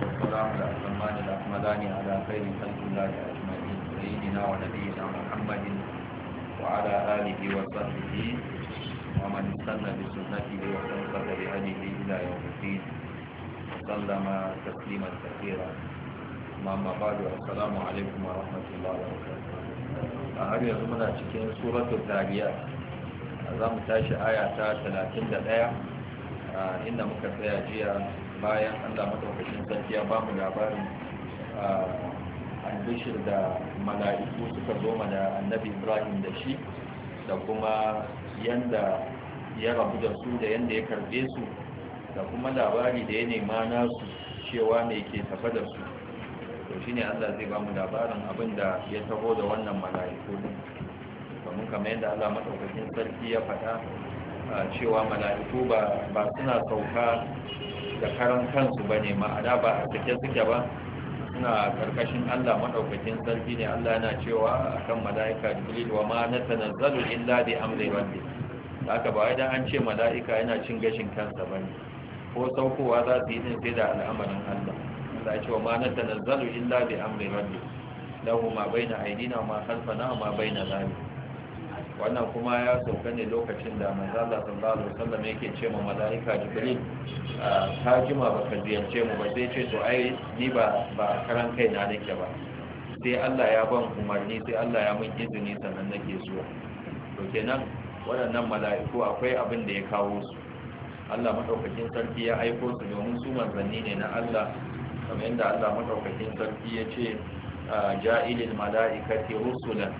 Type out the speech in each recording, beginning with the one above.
والسلام الأكمان الأكملان على خير خلق الله أجمعين سيدنا ونبينا محمد وعلى آله وصحبه ومن استنى بسنته واستنصت بهديه إلى يوم الدين وسلم تسليما كثيرا أما بعد السلام عليكم ورحمة الله وبركاته أهل يزمنا تكين سورة التاليات za mu tashi aya ta 31 inda muka tsaya jiya bayan allah madaukakin sarki ya bamu mu labarin albishir da mala'iku suka zo da annabi ibrahim da shi da kuma yanda ya rabu da su da yanda ya karbe su da kuma labari da ya nema nasu cewa mai ke tafa da su to shi ne allah zai bamu labarin abin da ya taho da wannan mala'iku din domin kamar yadda allah maɗaukakin sarki ya faɗa cewa mala'iku ba suna sauka da karan kansu ba ne ma'ana ba a cikin suke ba suna karkashin Allah maɗaukakin sarki ne Allah yana cewa akan mala'ika jibril wa ma natanazzalu illa bi amri rabbi haka ba idan an ce mala'ika yana cin gashin kansa ba ne. ko saukowa za su yi din sai da al'amarin Allah Allah ya ce wa ma natanazzalu illa bi amri rabbi lahu ma bai aydina wa ma khalfana wa ma na zalik wannan kuma ya sauka ne lokacin da manzala sallallahu alaihi wasallam yake ce ma malaika jibril ah, ka jima ba ziyarce mu ba sai ce to ai ni ba ba karan kai na nake ba sai Allah ya ban umarni sai Allah ya mun izini sannan nake zuwa to kenan waɗannan mala'iku akwai abin da ya kawo su Allah madaukakin sarki ya aiko su domin su manzanni ne na Allah kamar yadda Allah madaukakin sarki ya ce ah, ja'ilil mala'ikati rusulan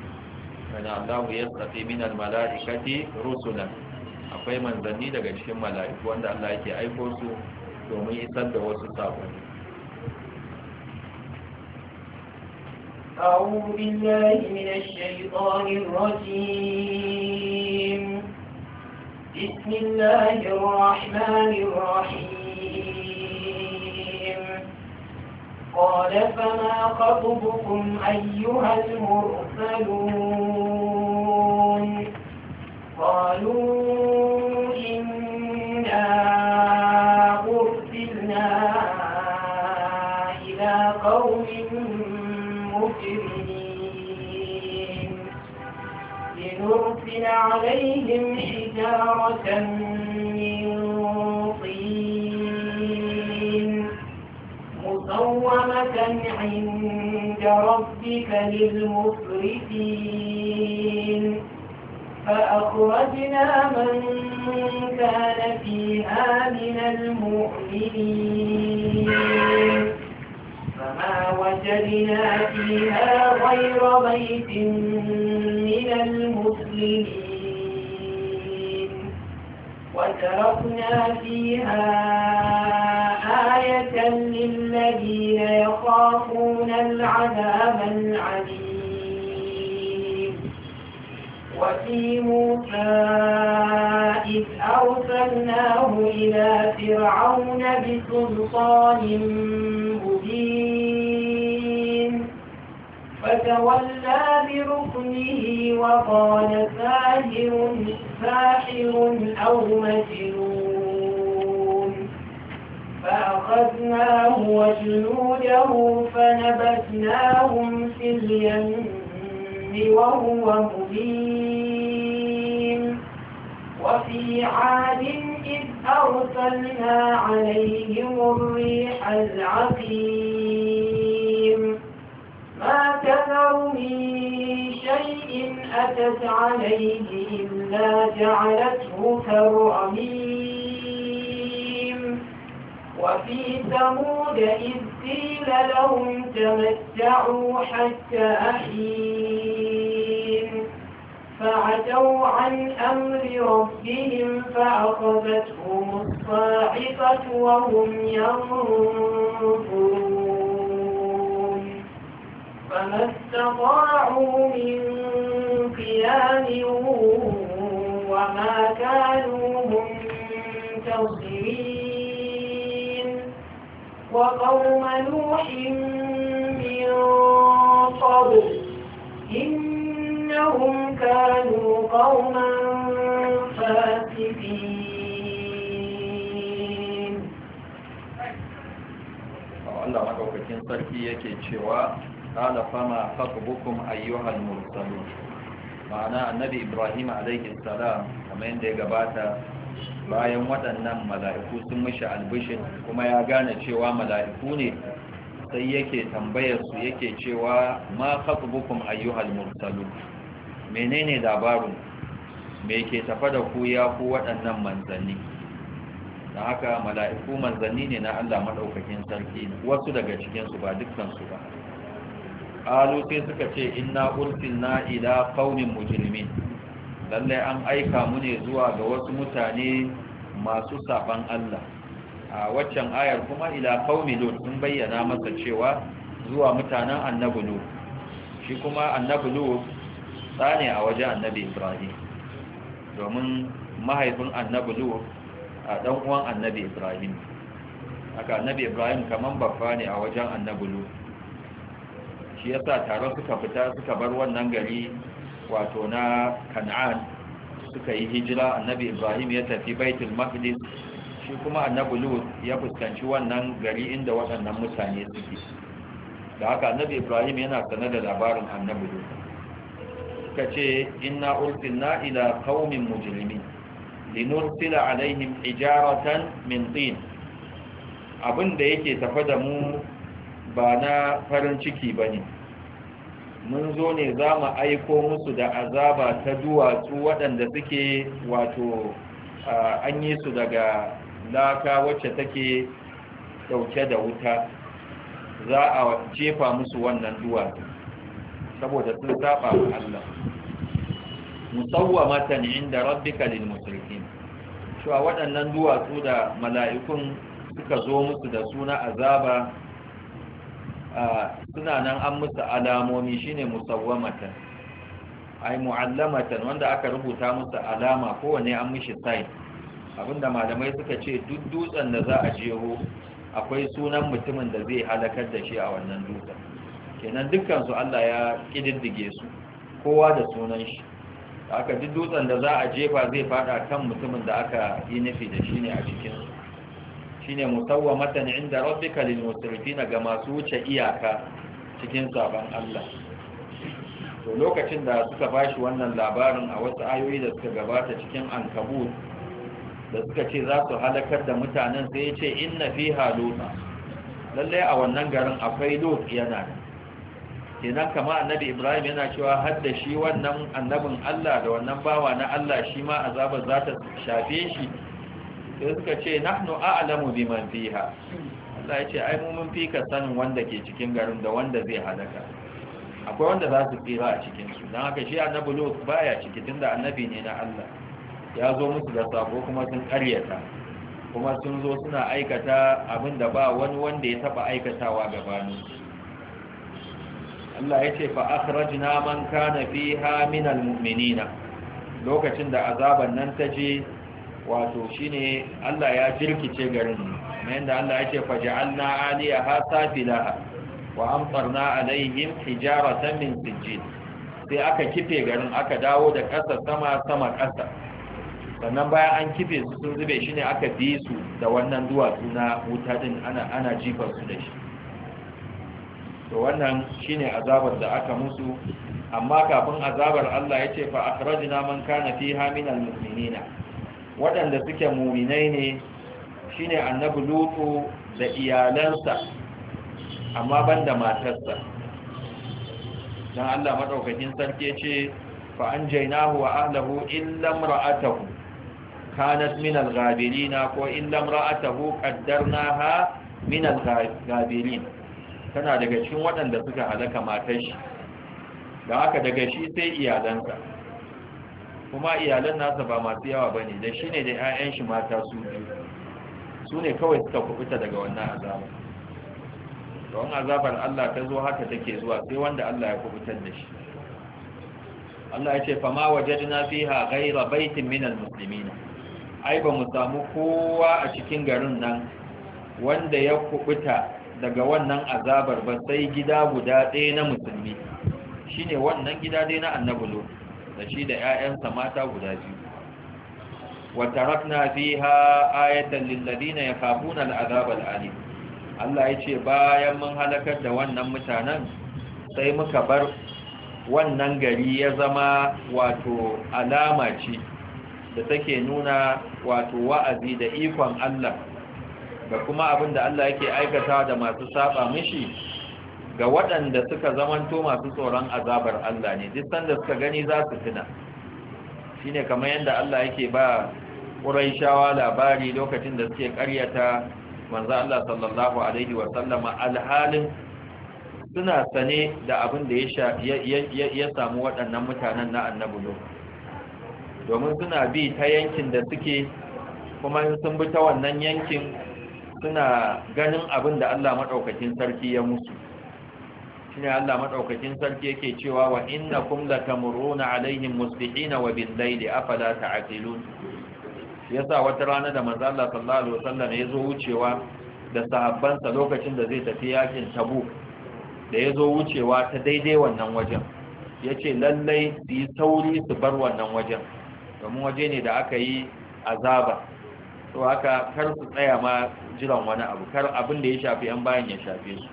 yana Allah ya tsafi min al-mala'ikati rusulan akwai manzanni daga cikin mala'iku wanda Allah yake aiko su domin isar da wasu sabon أعوذ بالله من الشيطان الرجيم بسم الله الرحمن الرحيم قال فما خطبكم أيها المرسلون قالوا إنا أرسلنا إلى قوم مكرمين لنرسل عليهم حجارة من عند ربك للمفردين فأخرجنا من كان فيها من المؤمنين فما وجدنا فيها غير بيت من المسلمين وتركنا فيها آية للمسلمين الذين يخافون العذاب العليم وفي موسى إذ أرسلناه إلى فرعون بسلطان مبين فتولى بركنه وقال ساحر ساحر أو مجنون فأخذناه وجنوده فنبتناهم في اليم وهو مبين وفي عاد إذ أرسلنا عليهم الريح العقيم ما كثر من شيء أتت عليه إلا جعلته كرأمين وفي ثمود إذ قيل لهم تمتعوا حتى أحين فعتوا عن أمر ربهم فأخذتهم الصاعقة وهم ينظرون فما استطاعوا من قيام وما كانوا منتصرين وقوم نوح من قبل إنهم كانوا قوما فاسقين sarki yake cewa قال فما خطبكم أيها المرسلون ma'ana annabi ibrahim alaihi salam kamar yadda ya gabata bayan waɗannan mala'iku sun mishi albishin kuma ya gane cewa mala'iku ne sai yake tambayarsu su yake cewa ma bukun ayyuhal mursalu. menene labarin mai ke tafa da ku ya ku waɗannan manzanni Da haka mala'iku manzanni ne na Allah maɗaukakin sarki wasu daga cikinsu ba dukkansu ba alu sai suka ce inna na ila ƙaunin mujrimin lallai an aika mu ne zuwa ga wasu mutane masu saban Allah a waccan ayar kuma ila qaumi lut sun bayyana masa cewa zuwa mutanen annabi lut shi kuma annabi lut tsane a wajen annabi ibrahim domin mahaifin annabi lut a dan uwan annabi ibrahim aka annabi ibrahim kaman babba ne a wajen annabi lut shi yasa tare suka fita suka bar wannan gari wato na kan'an suka yi hijira annabi ibrahim ya tafi baitul maqdis shi kuma annabi lut ya fuskanci wannan gari inda waɗannan mutane suke da haka annabi ibrahim yana sanar da labarin annabi lut suka ce inna ursilna ila qaumin mujrimin linursila alaihim ijaratan min tin abin da yake tafa da mu ba na farin ciki bane mun zo ne za mu aiko musu da azaba ta duwatsu waɗanda suke wato an yi su daga laka wacce take ɗauke da wuta za a jefa musu wannan duwatsu saboda sun saba wa Allah musawwamatan inda rabbika lil mushrikin cewa waɗannan duwatsu da mala'ikun suka zo musu da suna azaba suna nan an musu alamomi shine musawwamatan ai mu'allamatan wanda aka rubuta musu alama kowane an mishi sign abinda malamai suka ce duk dutsen da za a jeho akwai sunan mutumin da zai halakar da shi a wannan dutsen kenan dukkan su Allah ya kididdige su kowa da sunan shi aka duk dutsen da za a jefa zai fada kan mutumin da aka yi nufi da shi ne a cikin su shine matan inda rabbika lil na ga masu wuce iyaka cikin sabon Allah to lokacin da suka bashi wannan labarin a wasu ayoyi da suka gabata cikin ankabut da suka ce za su halakar da mutanen sai ya ce inna fiha lutan lalle a wannan garin akwai lut yana kenan kama annabi ibrahim yana cewa har da shi wannan annabin Allah da wannan bawa na Allah shi ma azabar za ta shafe shi sai suka ce nahnu a'lamu biman fiha Allah ya ce ai mu mun ka sanin wanda ke cikin garin da wanda zai halaka akwai wanda za su tsira a cikin su dan haka shi annabi Lut baya ciki tunda annabi ne na Allah ya zo musu da sabo kuma sun karyata kuma sun zo suna aikata abin da ba wani wanda ya taba aikatawa gabanin Allah ya ce fa akhrajna man kana fiha minal mu'minina lokacin da azaban nan ta je wato shine Allah ya jirkice garin kamar yadda Allah ya ce faj'alna 'aliyaha safilaha wa amtarna 'alayhim hijaratan min sijil sai aka kife garin aka dawo da kasa sama sama kasa. sannan bayan an kife su sun zube shi ne aka bi su da wannan duwatsu na wuta din ana ana jifar su da shi to wannan shine azabar da aka musu amma kafin azabar Allah ya ce fa akhrajna man kana fiha minal mu'minina waɗanda suke muminai ne shine annabi lutu da iyalansa amma da matarsa Don Allah madaukakin sarki ce fa anjaynahu wa ahlihi illa imra'atahu kanat min al-ghabirin ko illa imra'atahu qaddarnaha min al-ghabirin tana daga cikin waɗanda suka halaka matar shi da haka daga shi sai iyalansa kuma iyalan nasa ba masu yawa ba ne da shi ne da 'ya'yan shi mata su biyu su ne kawai suka kubuta daga wannan azabar don azabar Allah ta zo haka take zuwa sai wanda Allah ya kubutar da shi Allah ya ce fama wajadna fiha ghayra baitin min almuslimin ai ba mu samu kowa a cikin garin nan wanda ya kubuta daga wannan azabar ba sai gida guda ɗaya na musulmi shine wannan gida dai na annabi lo. da shi da 'ya'yansa mata guda biyu وتركنا فيها آية للذين يخافون العذاب ali Allah yace bayan mun halakar da wannan mutanen sai muka bar wannan gari ya zama wato alama ce da take nuna wato wa'azi da ikon Allah da kuma abin da Allah yake aikata da masu saba mishi ga waɗanda suka zamanto masu tsoron azabar Allah ne duk sanda suka gani za su tuna shine kamar yadda Allah yake ba shawa labari lokacin da suke karyata, manzo Allah sallallahu alaihi wa sallama alhalin suna sane da abin da ya ya samu waɗannan mutanen na annabi domin suna bi ta yankin da suke kuma sun bi ta wannan yankin suna ganin abin da Allah maɗaukakin sarki ya musu shine Allah madaukakin sarki yake cewa wa innakum latamuruna alaihim musbihina wa bil layli afala ta'qilun yasa wata rana da manzo Allah sallallahu alaihi wasallam ya zo wucewa da sahabbansa lokacin da zai tafi yakin Tabuk da ya zo wucewa ta daidai wannan wajen yace lallai su yi sauri su bar wannan wajen domin waje ne da aka yi azaba to haka kar su tsaya ma jiran wani abu kar abin da ya shafi yan bayan ya shafe su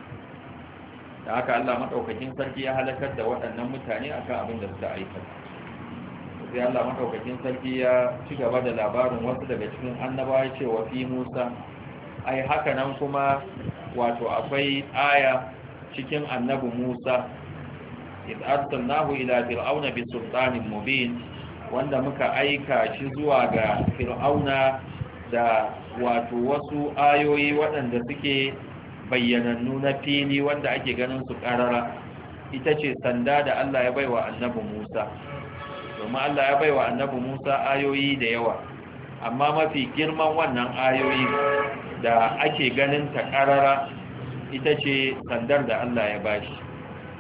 da haka Allah madaukakin sarki ya halakar da waɗannan mutane akan abin da suka aikata sai Allah madaukakin sarki ya ci gaba da labarin wasu daga cikin annabawa ce wa fi Musa ai haka nan kuma wato akwai aya cikin annabi Musa idh arsalnahu ila fir'auna bi sultanin mubin wanda muka aika shi zuwa ga fir'auna da wato wasu ayoyi waɗanda suke bayyanannu na fili wanda ake ganin su karara ita ce sanda da Allah ya baiwa annabi Musa domin Allah ya baiwa annabi Musa ayoyi da yawa amma mafi girman wannan ayoyi da ake ganin ta karara ita ce sandar da Allah ya bashi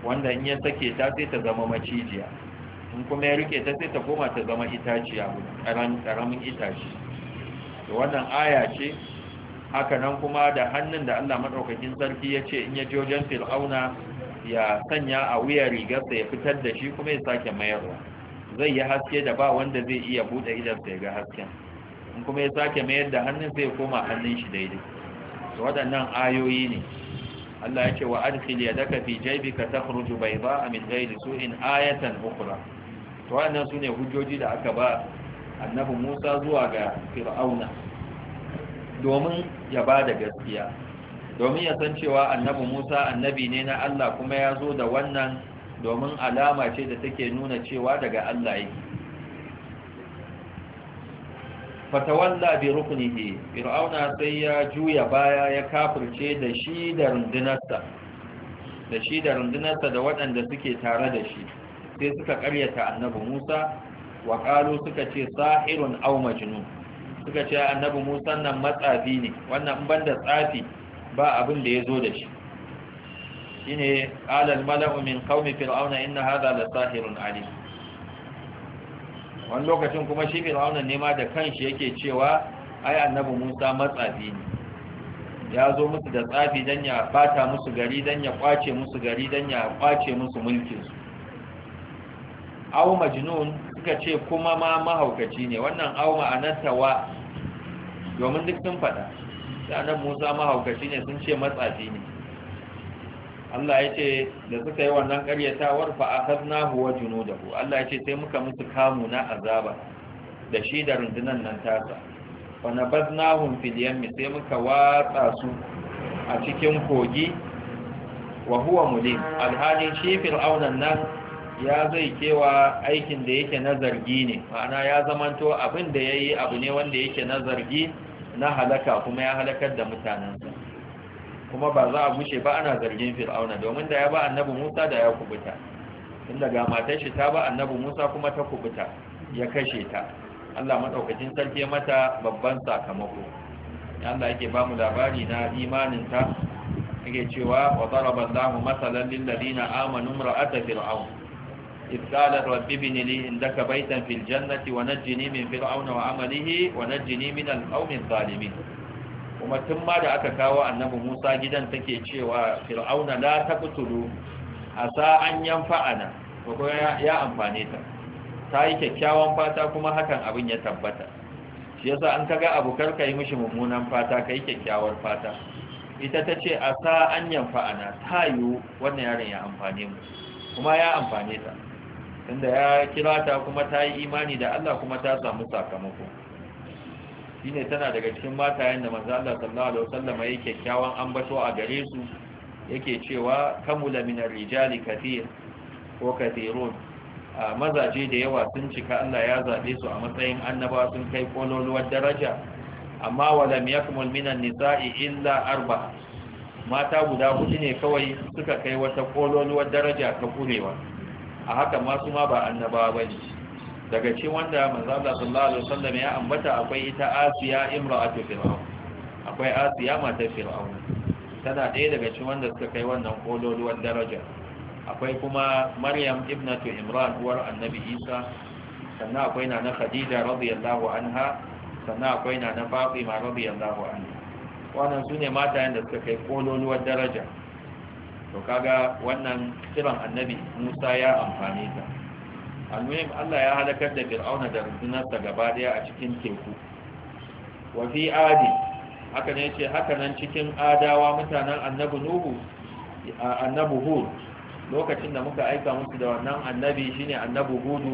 wanda in ya sake ta sai ta zama macijiya in kuma ya rike ta sai ta koma ta zama itaciya karamin itaci wannan aya ce haka nan kuma da hannun da Allah madaukakin sarki ya ce in ya ji wajen fir'auna ya sanya a wuya rigarsa ya fitar da shi kuma ya sake mayarwa zai yi haske da ba wanda zai iya buɗe idansa ya ga hasken in kuma ya sake mayar da hannun sai ya koma hannun shi daidai to waɗannan ayoyi ne Allah ya ce wa adkhil yadaka fi jaybika takhruju bayda'a min ghayri su'in ayatan ukhra to wannan sune hujjoji da aka ba annabi Musa zuwa ga Fir'auna domin ya ba da gaskiya domin ya san cewa annabi musa annabi ne na allah kuma ya zo da wannan domin alama ce da take nuna cewa daga allah yake fatawalla bi rukunihi fir'auna sai ya juya baya ya kafirce da shi da rundunarsa da shi da rundunarsa da waɗanda suke tare da shi sai suka ƙaryata annabi musa wa suka ce sahirun aw majnun suka ce annabi Musa nan matsafi ne wannan in banda tsafi ba abin da zo da shi shine qala al mala'u min qaumi fir'auna inna hadha la sahirun alim wani lokacin kuma shi fir'auna ne ma da kanshi yake cewa ai annabi Musa matsafi ne ya zo musu da tsafi dan ya bata musu gari dan ya kwace musu gari dan ya kwace musu mulkin su aw majnun suka ce kuma ma mahaukaci ne wannan aw ma'anarta wa domin duk sun faɗa da nan musa mahaukaci ne sun ce matsafi ne Allah ya ce da suka yi wannan ƙaryatawar huwa juno da ku. Allah ya ce sai muka musu kamu na azaba da shi da rundunan nan tasa fa nabadnahum fil yammi sai muka watsa su a cikin kogi wa huwa mulim alhalin shi fir'aunan nan ya zai kewa aikin da yake na zargi ne ma'ana ya zamanto abin da yi abu ne wanda yake na zargi na halaka kuma ya halakar da mutanensa kuma ba za a gushe ba ana zargin fir'auna domin da ya ba annabi musa da ya kubuta Tun ga matar shi ta ba annabi musa kuma ta kubuta ya kashe ta allah maɗaukacin sarki mata babban sakamako allah yake ba mu labari na imaninta yake cewa wa zaraba allahu masalan lil ladina amanu ra'ata fir'aun إذ قال رب ابن لي عندك بيتا في الجنة ونجني من فرعون وعمله ونجني من القوم الظالمين kuma tun ma da aka kawo annabi Musa gidan take cewa Fir'auna la taqtulu asa an yanfa'ana ko ya amfane ta ta yi kyakkyawan fata kuma hakan abin ya tabbata shi yasa an kaga abu ka yi mishi mummunan fata ka yi kyakkyawar fata ita ta ce a asa an yanfa'ana ta yi wannan yaron ya amfane mu kuma ya amfane ta tunda ya kira ta kuma ta yi imani da Allah kuma ta samu sakamako Shi ne tana daga cikin matayen da manzo Allah sallallahu alaihi wasallam yake kyakkyawan ambato a gare su yake cewa kamula min rijali kathir ko kathirun mazaje da yawa sun cika Allah ya zaɓe su a matsayin annaba sun kai kololuwar daraja amma wala yakmul min an-nisa'i illa arba. mata guda hudu ne kawai suka kai wata kololuwar daraja ta kurewa a haka masu ma ba annabawa ba ne daga cikin wanda Allah sallallahu alaihi wasallam ya ambata akwai ita asiya imra'atu fir'aun akwai asiya matar fir'aun tana ɗaya daga cikin wanda suka kai wannan kololuwan daraja akwai kuma maryam ibnatu imran uwar annabi isa sannan akwai na khadija radiyallahu anha sannan akwai na fatima radiyallahu anha wannan sune mata yanda suka kai kololuwar daraja to kaga wannan kiran annabi Musa ya amfane ta almuhim Allah ya halakar da Fir'auna da rundunarsa gaba daya a cikin teku wa fi adi haka ne ce haka nan cikin adawa mutanen annabi Nuhu annabi Hud lokacin da muka aika musu da wannan annabi shine annabi Hud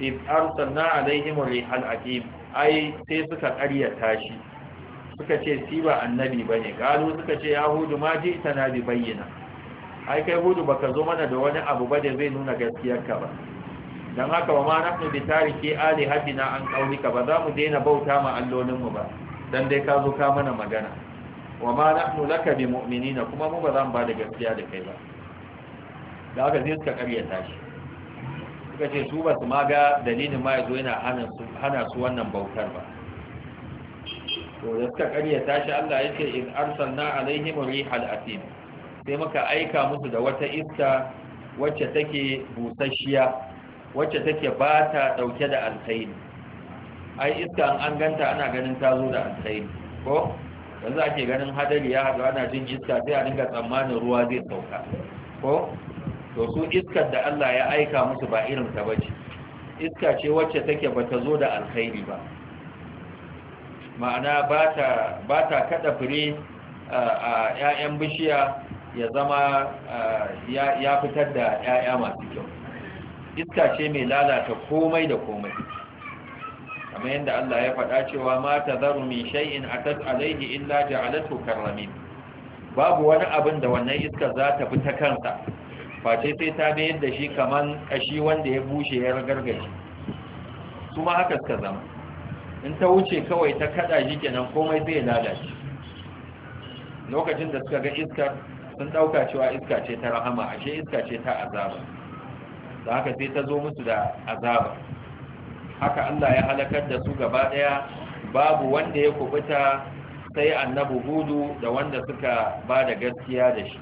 id arsalna alaihim rihal aqim ai sai suka ƙaryata shi suka ce si ba annabi ba ne ƙalu suka ce ya hudu ma ji ita na bi bayyana ai kai hudu ba ka zo mana da wani abu ba da zai nuna gaskiyarka ba don haka ba ma nafnu bi tariki ali hadina an ƙaunika ba za mu daina bauta ma allolinmu ba don dai ka zo ka mana magana wa ma nafnu laka bi mu'minina kuma mu ba za mu ba da gaskiya da kai ba da haka zai suka karyata shi suka ce su ba su ma ga dalilin ma ya zo yana hana su wannan bautar ba to da suka karya tashi, Allah ya ce in arsalna alaihim rihal asim sai muka aika musu da wata iska wacce take busasshiya wacce take ba ta dauke da alkhairi ai iska an ganta ana ganin ta zo da alkhairi ko yanzu ake ganin hadari ya haɗu ana jin iska sai a dinga tsammanin ruwa zai sauka ko to su iskar da Allah ya aika musu ba irin ta bace iska ce wacce take bata zo da alkhairi ba ma'ana ba ta kada fure a 'ya'yan bishiya ya zama ya fitar da 'ya'ya masu kyau iska ce mai lalata komai da komai kamar yadda Allah ya faɗa cewa ma ta zaru min shay'in atat alayhi illa ja'alatu karramin babu wani abin da wannan iska za ta fi ta kansa face sai ta bayar da shi kamar kashi wanda ya bushe ya ragargaje kuma haka suka zama in ta wuce kawai ta kada shi kenan komai zai lalace lokacin da suka ga iska sun dauka cewa iska ce ta rahama ashe iska ce ta azaba da haka sai ta zo musu da azaba haka Allah ya halakar da su gaba daya babu wanda ya kubuta sai annabi hudu da wanda suka ba da gaskiya da shi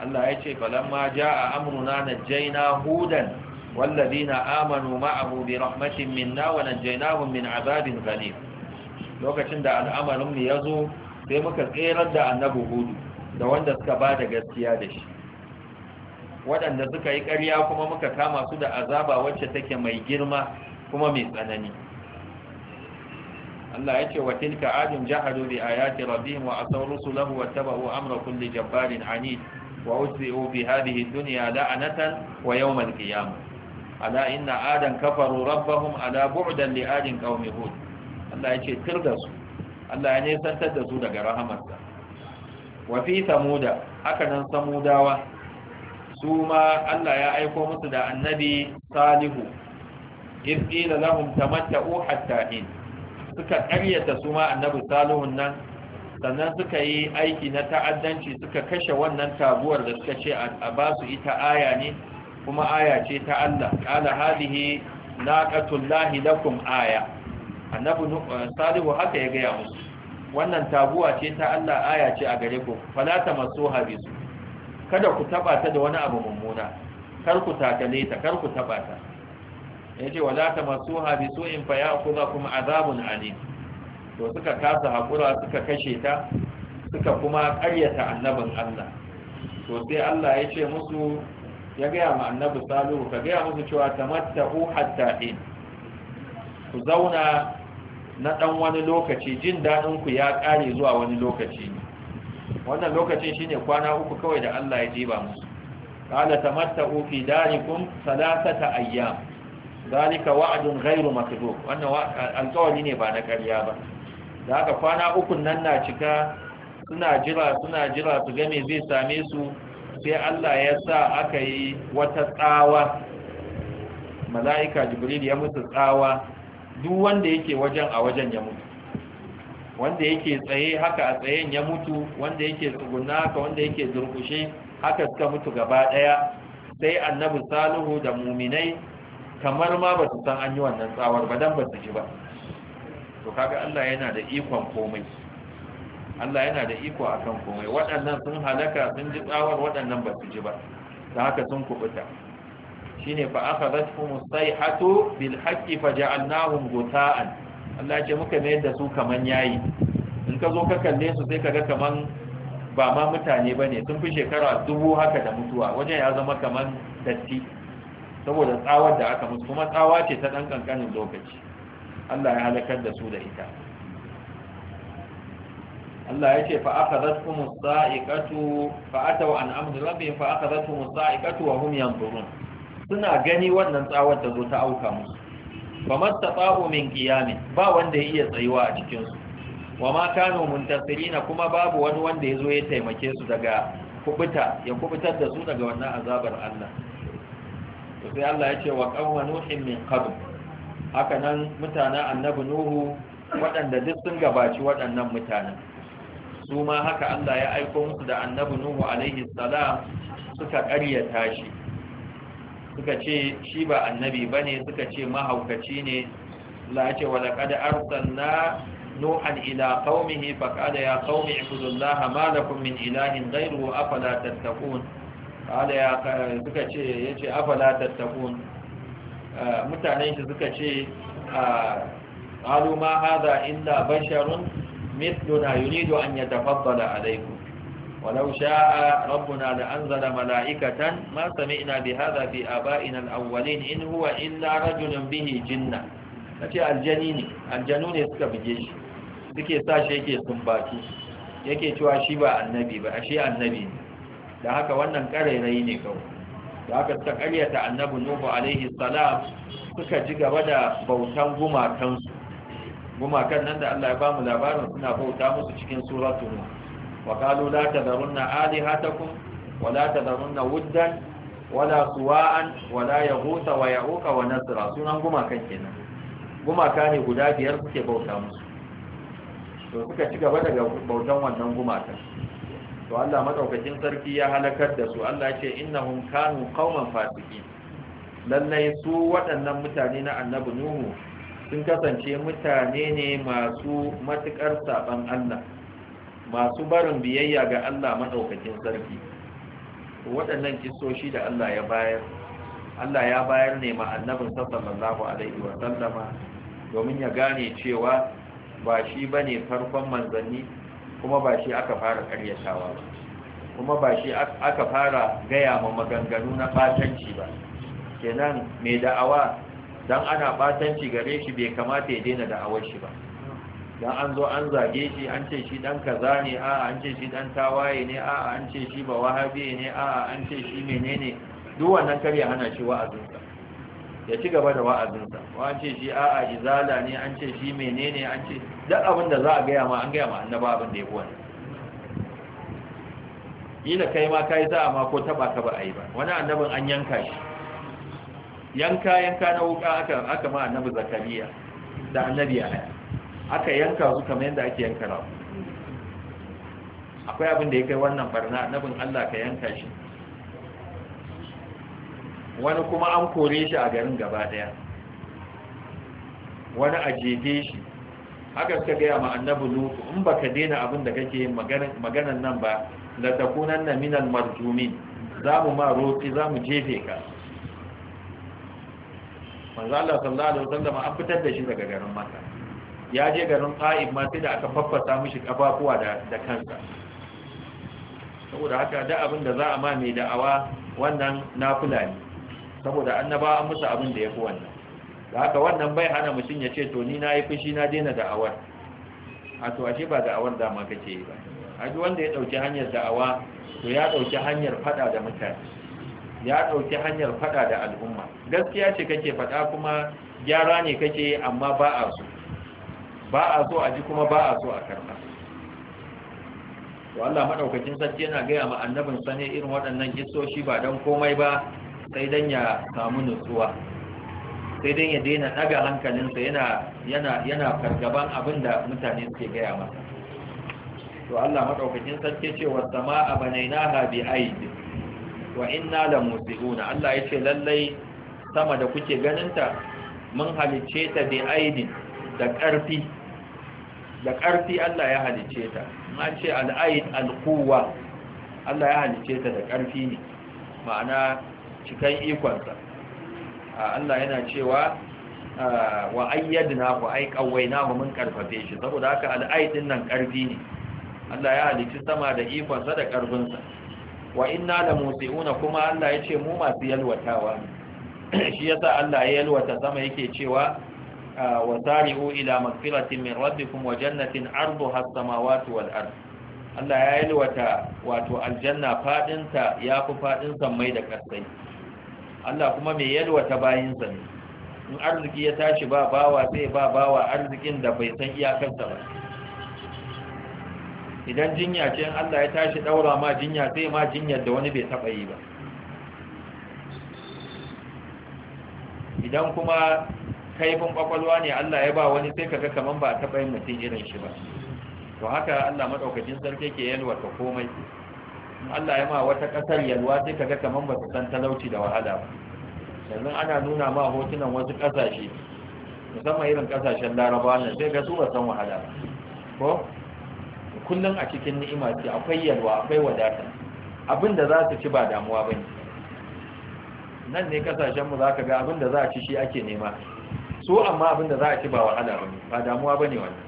Allah ya ce falamma jaa amruna najaina hudan والذين آمنوا معه برحمة منا ونجيناهم من عذاب غليظ lokacin da al'amarinmu ya zo sai muka tserar da annabi hudu da wanda suka ba da gaskiya da shi waɗanda suka yi ƙarya kuma muka kama su da azaba wacce take mai girma kuma mai tsanani Allah ya ce wa tilka adun jahadu bi ayati rabbihim wa asaw rusulahu wa tabu amra kulli jabbarin anid wa usbi'u bi hadhihi dunya la'anatan wa yawm al-qiyamah ala inna adan kafaru rabbahum ala bu'dan li adin qaumi hud Allah ya ce da su Allah ya nesantar da su daga rahamarsa wa fi samuda haka nan samudawa su ma Allah ya aiko musu da annabi salihu iz qila lahum tamatta'u hatta hin suka ƙaryata su ma annabi salihun nan sannan suka yi aiki na ta'addanci suka kashe wannan tabuwar da suka ce a ba su ita aya ne kuma aya ce ta Allah qala hadhihi naqatullahi lakum aya annabi eh, salihu haka ya gaya musu wannan taguwa ce ta Allah aya ce a gare ku fala tamassuha bisu kada ku taba ta da wani abu mummuna kar ku takale ta kar ku taba ta yace wala ta tamassuha bisu'in fayakhudhukum azabun alim to suka kasa hakura suka kashe ta suka kuma ƙaryata annabin Allah to sai Allah ya ce musu ya gaya ma annabi salihu ka gaya musu cewa tamatta'u hatta in ku zauna na ɗan wani lokaci jin dadin ku ya kare zuwa wani lokaci wannan lokacin shine kwana uku kawai da Allah ya jiba musu qala tamatta'u fi darikum salasata ayyam zalika wa'dun ghairu makdub wannan alƙawari ne ba na ƙarya ba da haka kwana uku nan na cika suna jira suna jira su ga me zai same su sai Allah ya sa aka yi wata tsawa mala'ika jibril ya mutu tsawa duk wanda yake wajen a wajen ya mutu wanda yake tsaye haka a tsayen ya mutu wanda yake tsuguna haka wanda yake durkushe haka suka mutu gaba daya sai annabi salihu da muminai kamar ma ba su san an yi wannan tsawar ba dan ba su ji ba to kaga Allah yana da ikon komai Allah yana da iko akan komai waɗannan sun halaka sun ji tsawar waɗannan ba su ji ba da haka sun kubuta shine fa akhadhatkum sai sayhatu bil haqqi faja'alnahum gota'an Allah ce muka mayar da su kaman yayi in ka zo ka kalle su sai kaga kaman ba ma mutane bane sun fi shekara dubu haka da mutuwa wajen ya zama kaman datti saboda tsawar da aka musu kuma tsawa ce ta dan kankanin lokaci Allah ya halakar da su da ita Allah ya ce fa'akadatkum sa'iqatu fa'ataw an amri rabbihim fa'akadatkum ikatu wa hum burin. suna gani wannan tsawar ta zo ta auka musu famastafa'u min ne, ba wanda ya iya tsayuwa a cikinsu. cikin su Kano kanu na kuma babu wani wanda ya zo ya taimake su daga kubuta ya kubutar da su daga wannan azabar Allah to sai Allah ya ce wa qawma nuhin min qabl haka nan mutanen annabi nuhu waɗanda duk sun gabaci waɗannan mutanen su ma haka Allah ya aiko musu da annabi Nuhu alaihi salam suka ƙaryata shi suka ce shi ba annabi bane suka ce mahaukaci ne Allah ya ce wa laqad arsalna nuhan ila qaumihi faqala ya qaumi ibudullaha ma lakum min ilahin ghayruhu afala tattaqun qala ya suka ce yace afala tattaqun eh, mutanen shi suka ce a ah, qalu ma hadha illa basharun مثلنا يريد أن يتفضل عليكم ولو شاء ربنا لأنزل ملائكة ما سمعنا بهذا في آبائنا الأولين إن هو إلا رجل به جنة نتي الجنين الجنون يسكبجيش ذكي ساشي يكي سنباتي يكي تواشي با النبي با أشياء النبي da haka wannan karerai ne kawai da haka suka karyata annabi nuhu alaihi salam suka ji gaba da bautan gumakansu gumakan nan da Allah ya bamu labarin suna bauta musu cikin suratu nuh wa qalu la tadarunna alihatakum wa la tadarunna wuddan wala suwa'an wala yaghutha wa ya'uqa wa nasra sunan gumakan kenan gumaka ne guda biyar suke bauta musu to suka ci gaba daga bautan wannan gumakan to Allah madaukakin sarki ya halakar da su Allah ya ce innahum kanu qauman fasiqin lallai su waɗannan mutane na annabi nuhu sun kasance mutane ne masu matuƙar saɓan Allah masu barin biyayya ga Allah maɗaukakin sarki waɗannan kisoshi da Allah ya bayar Allah ya bayar ne ma'annabin annabin sallallahu alaihi wa sallama domin ya gane cewa ba shi ba ne farkon manzanni kuma ba shi aka fara karyatawa ba kuma ba shi aka fara gaya ma maganganu na fatanci ba kenan mai da'awa dan ana batanci gare shi bai kamata ya daina da awar shi ba dan an zo an zage shi an ce shi dan kaza ne a an ce shi dan tawaye ne a an ce shi ba wahabi ne a an ce shi menene duk wannan kar ya hana shi wa'azinsa ya ci gaba da wa'azinsa an ce shi a a izala ne an ce shi menene an ce duk abin da za a gaya ma an gaya ma annaba abin da ya buwa ne kila kai ma kai za a ma ko taba ka ba a yi ba wani annabin an yanka shi yanka yanka na wuka aka aka ma annabi zakariya da annabi yahaya aka yanka su kamar yadda ake yanka rago akwai abin da ya kai wannan barna annabin Allah ka yanka shi wani kuma an kore shi a garin gaba daya wani a jefe shi haka suka gaya ma annabi lutu in baka daina abin da kake yin maganan nan ba la takunan na minal marjumin za mu ma roƙi za mu jefe ka manzo Allah sallallahu alaihi wasallam an fitar da shi daga garin Makka ya je garin Taif ma sai da aka faffasa mishi kafafuwa da da kansa saboda haka da abin da za a ma mai da'awa wannan nafila ne saboda annaba an musu abin da yafi wannan da haka wannan bai hana mutum ya ce to ni na yi fushi na daina da'awar a to ashe ba da'awar dama kake yi ba a wanda ya dauki hanyar da'awa to ya dauki hanyar fada da mutane ya dauki hanyar fada da al'umma gaskiya ce kake faɗa kuma gyara ne kake amma ba a so ba a so a ji kuma ba a so a karɓa to Allah madaukakin sarki yana gaya ma annabin sanin irin waɗannan kissoshi ba dan komai ba sai dan ya samu nutsuwa sai dan ya daina daga hankalinsa yana yana yana fargaban abin da mutane suke gaya masa to Allah madaukakin sarki ce wa sama'a banainaha bi aid wa inna lamusibuna Allah yace lallai sama da kuke ganinta mun halicce ta bi aidin da ƙarfi da ƙarfi Allah ya halicce ta ma ce al'aid al'uwa Allah ya halicce ta da ƙarfi ne ma'ana cikin ikonsa Allah yana cewa wa na ku ai kawwaina mu mun karfafe shi saboda haka al'aidin nan ƙarfi ne Allah ya halicci sama da ikonsa da ƙarfinsa wa inna la musiuna kuma Allah ya ce mu masu yalwatawa ne shi yasa Allah ya ta sama yake cewa ah, wa tari'u ila magfiratin min rabbikum wa jannatin arduha as-samawati wal ard Allah ya ta wato aljanna fadin ta yafi fadin samai da kasai Allah kuma mai yalwata bayin sa ne in arziki ya tashi ba bawa sai ba bawa arzikin da bai san iyakarsa ba idan jinya ce Allah ya tashi daura ma jinya sai ma jinyar da wani bai taba yi ba idan kuma kaifin kwakwalwa ne Allah ya ba wani sai kaga kaman ba ta bayin mutum irin shi ba to haka Allah madaukakin sarki ke yalwa ta komai Allah ya ma wata kasar yalwa sai kaga kaman ba su san talauci da wahala ba yanzu ana nuna ma hotunan wasu kasashe musamman irin kasashen Larabawa ne sai ga su ba san wahala ba ko kullun a cikin ni'ima ce akwai yalwa akwai wadata abinda za su ci ba damuwa bane nan ne kasashenmu za ka ga abin da za a ci shi ake nema so amma abin da za a ci ba wahala bane ba damuwa ba ne wannan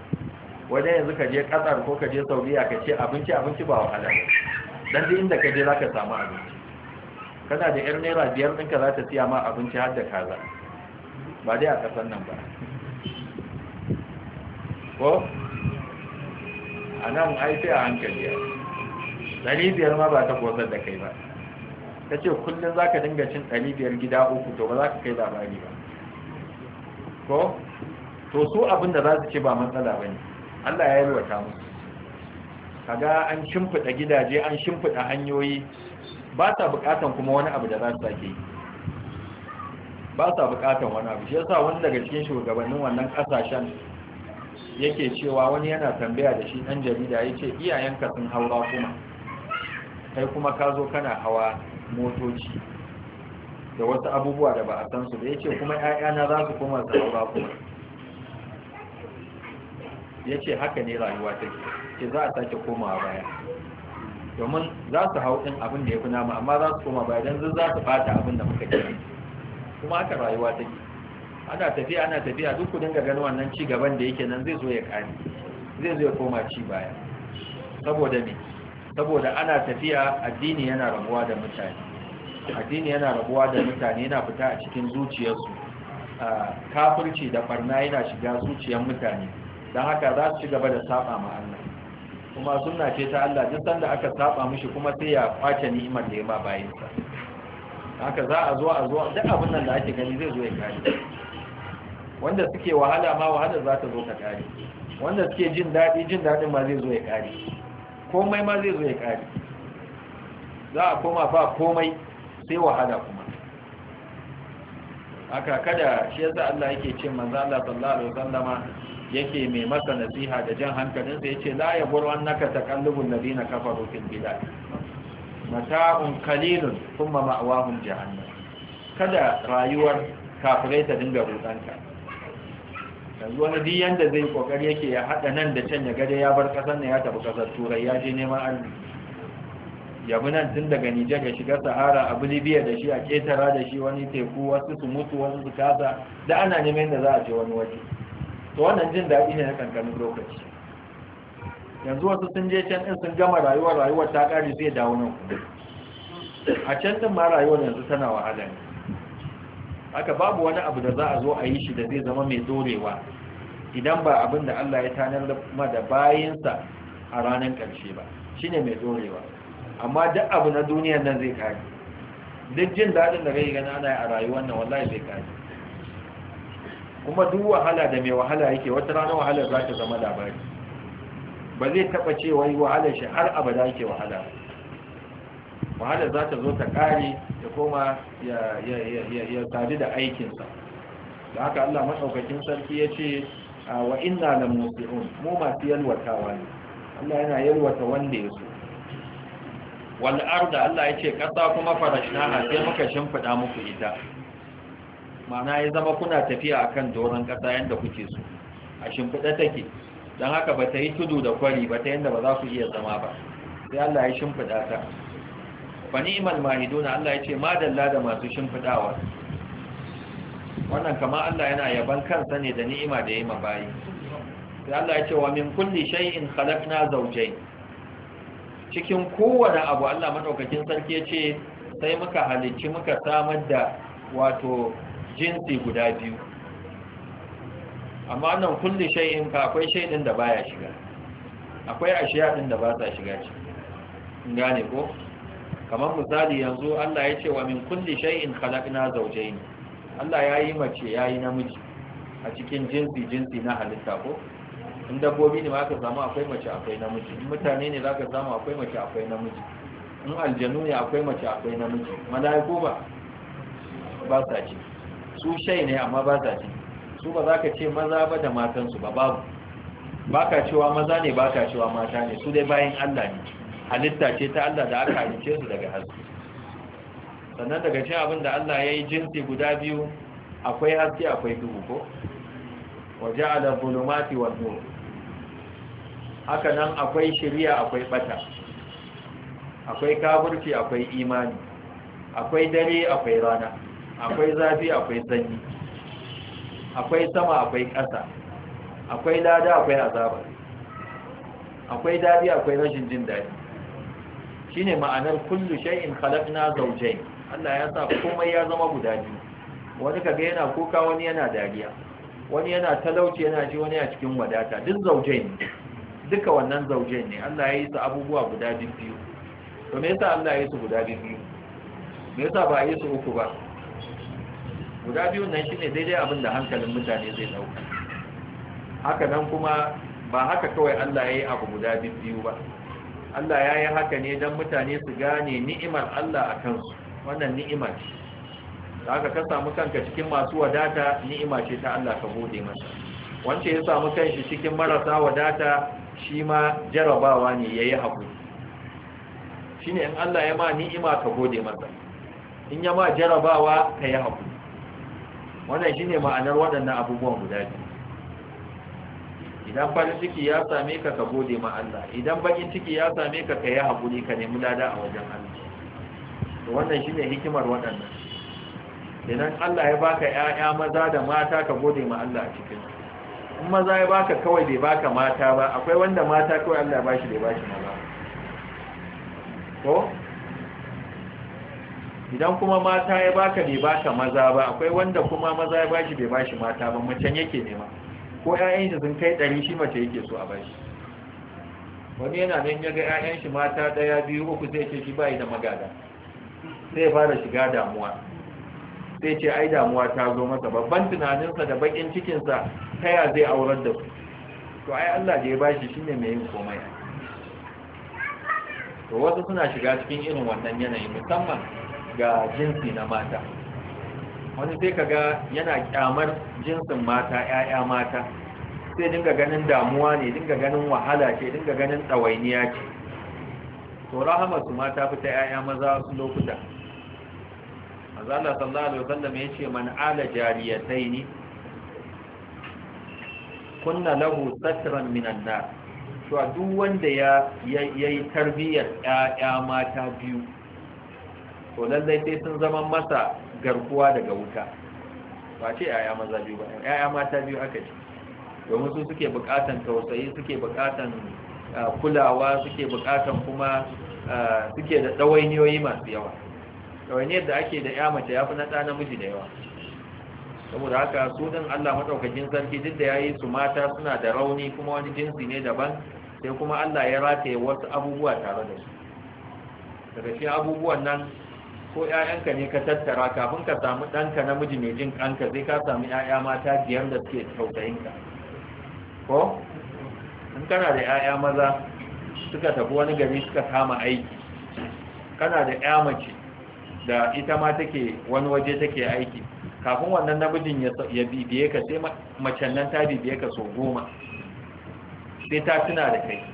wajen yanzu ka je ƙasar ko ka je saudiya ka ce abinci abinci ba wahala ba dan duk inda ka je za ka samu abinci kana da yar naira biyar ɗinka za ta siya ma abinci har da kaza ba dai a ƙasar nan ba ko a nan ai sai a hankali ya dari biyar ma ba ta kosar da kai ba Ta ce kullum za ka dinga cin ɗari biyar gida uku to ba za ka kai labari ba ko to su abin da za su ce ba matsala ba ne allah ya yi yalwata musu kaga an shimfiɗa gidaje an shimfiɗa hanyoyi ba sa buƙatan kuma wani abu da za su sake yi ba sa buƙatan wani abu shi yasa wani daga cikin shugabannin wannan ƙasashen yake cewa wani yana tambaya da shi ɗan jarida ya ce iyayenka sun haura kuma kai kuma ka zo kana hawa motoci da wasu abubuwa da ba a san su da ya ce kuma ‘ya'yana za su koma zaura kuma ya ce haka ne rayuwa ta ke za a sake komawa baya domin za su hau ɗin abin da ya fi nama amma za su koma baya don za su bata abin da muka kira kuma haka rayuwa ta ke ana tafiya ana tafiya duk ku dinga ganin wannan ci gaban da yake nan zai zo ya kani zai zo ya koma ci baya saboda me saboda ana tafiya addini yana rabuwa da mutane addini yana rabuwa da mutane yana fita a cikin zuciyarsu kafirci da barna yana shiga zuciyar mutane don haka za su ci gaba da saba ma Allah kuma sunna ce ta Allah duk sanda aka saba mishi kuma sai ya kwace ni'imar da ya ba bayin sa haka za a zo a zo duk abin nan da ake gani zai zo ya kare wanda suke wahala ma wahala za ta zo ta kare wanda suke jin daɗi jin daɗin ma zai zo ya kare komai ma zai zo ya kare za a koma ba komai sai wahala kuma aka kada shi yasa Allah yake ce manzo Allah sallallahu alaihi wasallama yake mai masa nasiha da jan hankalin sa yace la yaburu annaka taqallubul ladina kafaru fil bilad mata'un qalilun thumma ma'wahum jahannam kada rayuwar kafirai ta dinga rudanka yanzu wani duk yanda zai kokari yake ya hada nan da can ya gade ya bar kasar ne ya tafi kasar turai ya je neman arziki ya bi nan tun daga nijar ya shiga sahara a bolivia da shi a ketara da shi wani teku wasu su mutu wasu su kasa da ana neman da za a je wani waje to wannan jin daɗi ne na kankanin lokaci yanzu wasu sun je can ɗin sun gama rayuwar rayuwar ta ƙari sai dawo nan a can ɗin ma rayuwar yanzu tana wahala ne haka babu wani abu da za a zo a yi shi da zai zama mai dorewa idan ba abin da Allah ya tanar ma da bayinsa a ranar ƙarshe ba shi ne mai dorewa amma duk abu na duniyar nan zai kare duk jin daɗin da rai gani ana a rayuwar nan wallahi zai kare kuma duk wahala da mai wahala yake wata rana wahala za ta zama labari ba zai taɓa cewa yi wahalar shi har abada yake wahala wahalar za ta zo ta kare ya koma ya tare da aikinsa da haka Allah maɗaukakin sarki ya ce wa inna na musulun mu masu yalwata ne Allah yana yalwata wanda ya so wal arda Allah ya ce ƙasa kuma farashnaha sai muka shimfiɗa muku ita ma'ana ya zama kuna tafiya a kan doron ƙasa yadda kuke so a shimfiɗa take don haka ba ta yi tudu da kwari ba ta yadda ba za ku iya zama ba sai Allah ya shimfiɗa ta fa ni'mal mahiduna Allah yace dalla da masu shimfidawa wannan kama Allah yana yaban kansa ne da ni'ima da yayi mabayi sai Allah yace wa min kulli shay'in khalaqna zawjayn cikin kowane abu Allah madaukakin sarki yace sai muka halicci muka samar da wato jinsi guda biyu amma nan kulli shay'in ka akwai shay'in da baya shiga akwai ashiya din da ba ta shiga ciki gane ko kamar misali yanzu Allah ya ce wa min kulli shay'in khalaqna zawjayn Allah ya yi mace ya yi namiji a cikin jinsi jinsi na halitta ko in dabbobi ne ma ka samu akwai mace akwai namiji in mutane ne za ka samu akwai mace akwai namiji in aljanu ne akwai mace akwai namiji mala'iku ba ba sa ci su shai ne amma ba sa ci su ba za ka ce maza ba da matansu ba babu ba cewa maza ne ba cewa mata ne su dai bayan Allah ne halitta ce ta Allah da aka halice su daga haske sannan daga cin abin da Allah ya yi jinsi guda biyu akwai haske akwai duhu ko waje da bulumati wa nur haka nan akwai shirya akwai bata akwai kaburki akwai imani akwai dare akwai rana akwai zafi akwai sanyi akwai sama akwai ƙasa akwai lada akwai azabar. akwai dadi akwai rashin jin dadi shine ma'anar kullu shay'in khalaqna zawjayn Allah ya sa komai ya zama guda biyu wani kaga yana kuka wani yana dariya wani yana talauci yana ji wani a cikin wadata duk zawjayn duka wannan zawjayn ne Allah ya yi su abubuwa guda biyu to me yasa Allah ya yi su guda biyu me yasa ba yi su uku ba guda biyun nan shine daidai abin da hankalin mutane zai dauka haka nan kuma ba haka kawai Allah ya yi abu guda biyu ba Allah ya yi haka ne don mutane su gane ni'imar Allah a kansu wannan ni'ima ce da aka ka samu kanka cikin masu wadata ni'ima ce ta Allah ka bude masa wance ya samu kanshi cikin marasa wadata shi ma jarabawa ne ya yi haƙuri shi ne in Allah ya ma ni'ima ka gode masa in ya ma jarabawa ka yi haƙuri wannan shi ne ma'anar waɗannan abubuwan guda biyu idan farin ciki ya same ka ka gode ma Allah idan bakin ciki ya same ka ka yi haƙuri ka nemi lada a wajen Allah wannan shine hikimar waɗannan idan Allah ya baka ƴaƴa maza da mata ka gode ma Allah a cikin in maza ya baka kawai bai baka mata ba akwai wanda mata kawai Allah ya bashi bai bashi maza ko idan kuma mata ya baka bai baka maza ba akwai wanda kuma maza ya bashi bai bashi mata ba macen yake nema ko yayan shi sun kai ɗari shi mace yake so a bashi wani yana nan ya ga 'ya'yan shi mata ɗaya biyu uku sai ce shi bai da magada sai fara shiga damuwa sai ce ai damuwa ta zo masa babban tunaninsa da bakin cikinsa ta ya zai aurar da su to ai Allah da ya bashi shine mai yin komai to wasu suna shiga cikin irin wannan yanayi musamman ga jinsi na mata wani sai ka ga yana kyamar jinsin mata ƴaƴa mata sai dinga ganin damuwa ne dinga ganin wahala ce dinga ganin tsawainiya ce to rahama su mata fita ƴaƴa maza su lokuta azalla sallallahu alaihi wasallam ce man ala jariyataini kunna lahu satran minan nar to duk wanda ya yayi tarbiyyar ƴaƴa mata biyu to lallai sai sun zama masa garkuwa daga wuta ba ce yaya maza biyu ba yaya mata biyu aka ce domin su suke bukatan tausayi suke bukatan kulawa suke bukatan kuma suke da tsawainiyoyi masu yawa tsawainiyar da ake da ya mace ya fi na namiji da yawa saboda haka su ɗin allah maɗaukakin sarki duk da ya yi su mata suna da rauni kuma wani jinsi ne daban sai kuma allah ya rataye wasu abubuwa tare da su daga cikin abubuwan nan ko ƴaƴanka ne ka tattara kafin ka samu ɗanka namiji mai jin ƙanka zai ka samu ƴaƴa mata biyar da suke tautayinka ko in kana da ƴaƴa maza suka tafi wani gari suka kama aiki kana da ƴa mace da ita ma take wani waje take aiki kafin wannan namijin ya bibiye ka sai macen nan ta bibiye ka sau goma sai ta tuna da kai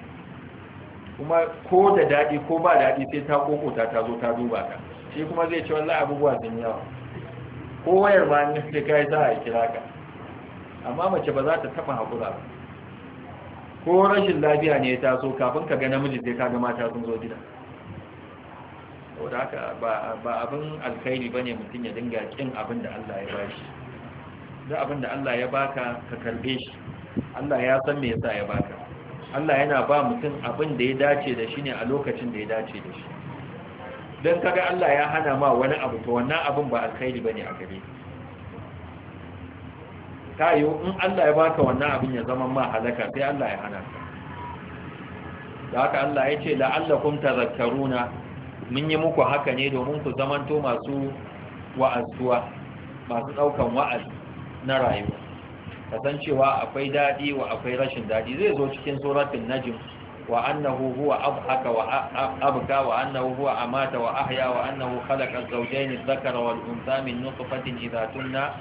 kuma ko da daɗi ko ba daɗi sai ta kokota ta zo ta duba ka shi kuma zai ce wallahi abubuwa sun yawa ko wayar ba ni sai kai za a kira ka amma mace ba za ta taba hakura ko rashin lafiya ne ya taso kafin ka ga namiji sai ka ga mata sun zo gida saboda haka ba abin alkhairi bane mutum ya dinga kin abin da Allah ya bashi da abin da Allah ya baka ka karbe shi Allah ya san me yasa ya baka Allah yana ba mutum abin da ya dace da shi ne a lokacin da ya dace da shi don kaga Allah ya hana ma wani abu to wannan abin ba alkhairi ba ne a gare ta yi in Allah ya baka wannan abin ya zama ma halaka sai Allah ya hana ka da haka Allah ya ce la'allakum tazakkaruna mun yi muku haka ne domin ku zamanto masu wa'azuwa masu daukan wa'azi na rayuwa kasancewa akwai daɗi wa akwai rashin daɗi, zai zo cikin suratul najm wa annahu huwa abhaka wa abka wa annahu huwa amata wa ahya wa annahu khalaqa az-zawjayn adh-dhakara wal untha min nutfatin idha tunna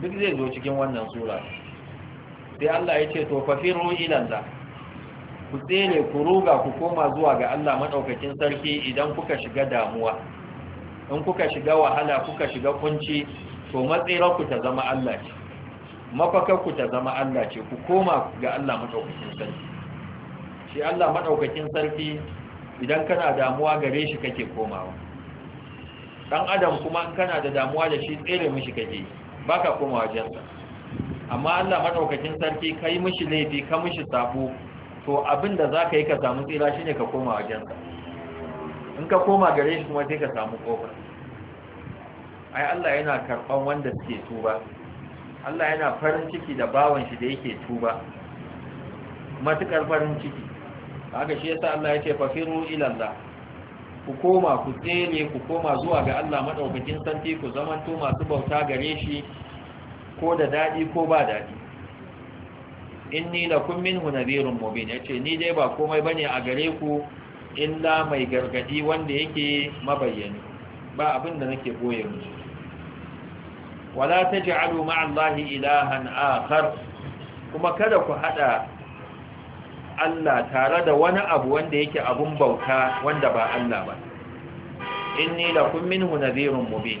duk zai zo cikin wannan sura sai Allah yace ce to fafiru ilan da ku tsere ku ruga ku koma zuwa ga Allah madaukakin sarki idan kuka shiga damuwa in kuka shiga wahala kuka shiga kunci to matsira ku ta zama Allah ce mafakar ku ta zama Allah ce ku koma ga Allah madaukakin sarki shi Allah madaukakin sarki idan kana damuwa gare shi kake komawa dan adam kuma in kana da damuwa da shi tsere mishi kake baka koma jansa, amma Allah madaukakin sarki kai mishi laifi ka mishi sabo to abin da zaka yi ka samu tsira shine ka koma jansa, in ka koma gare shi kuma sai ka samu kofa ai Allah yana karban wanda suke tuba Allah yana farin ciki da bawan shi da yake tuba matukar farin ciki haka shi yasa Allah yake fafiru ila Allah ku koma ku tsere ku koma zuwa ga Allah madaukakin santi ku zamanto masu bauta gare shi ko da dadi ko ba dadi inni lakum minhu nadhirun mubin yace ni dai ba komai bane a gare ku illa mai gargadi wanda yake mabayyani ba abin da nake boye mu wala taj'alu ma'allahi ilahan akhar kuma kada ku hada Allah tare da wani abu wanda yake abun bauta wanda ba Allah ba inni lakum minhu nadhirun mubin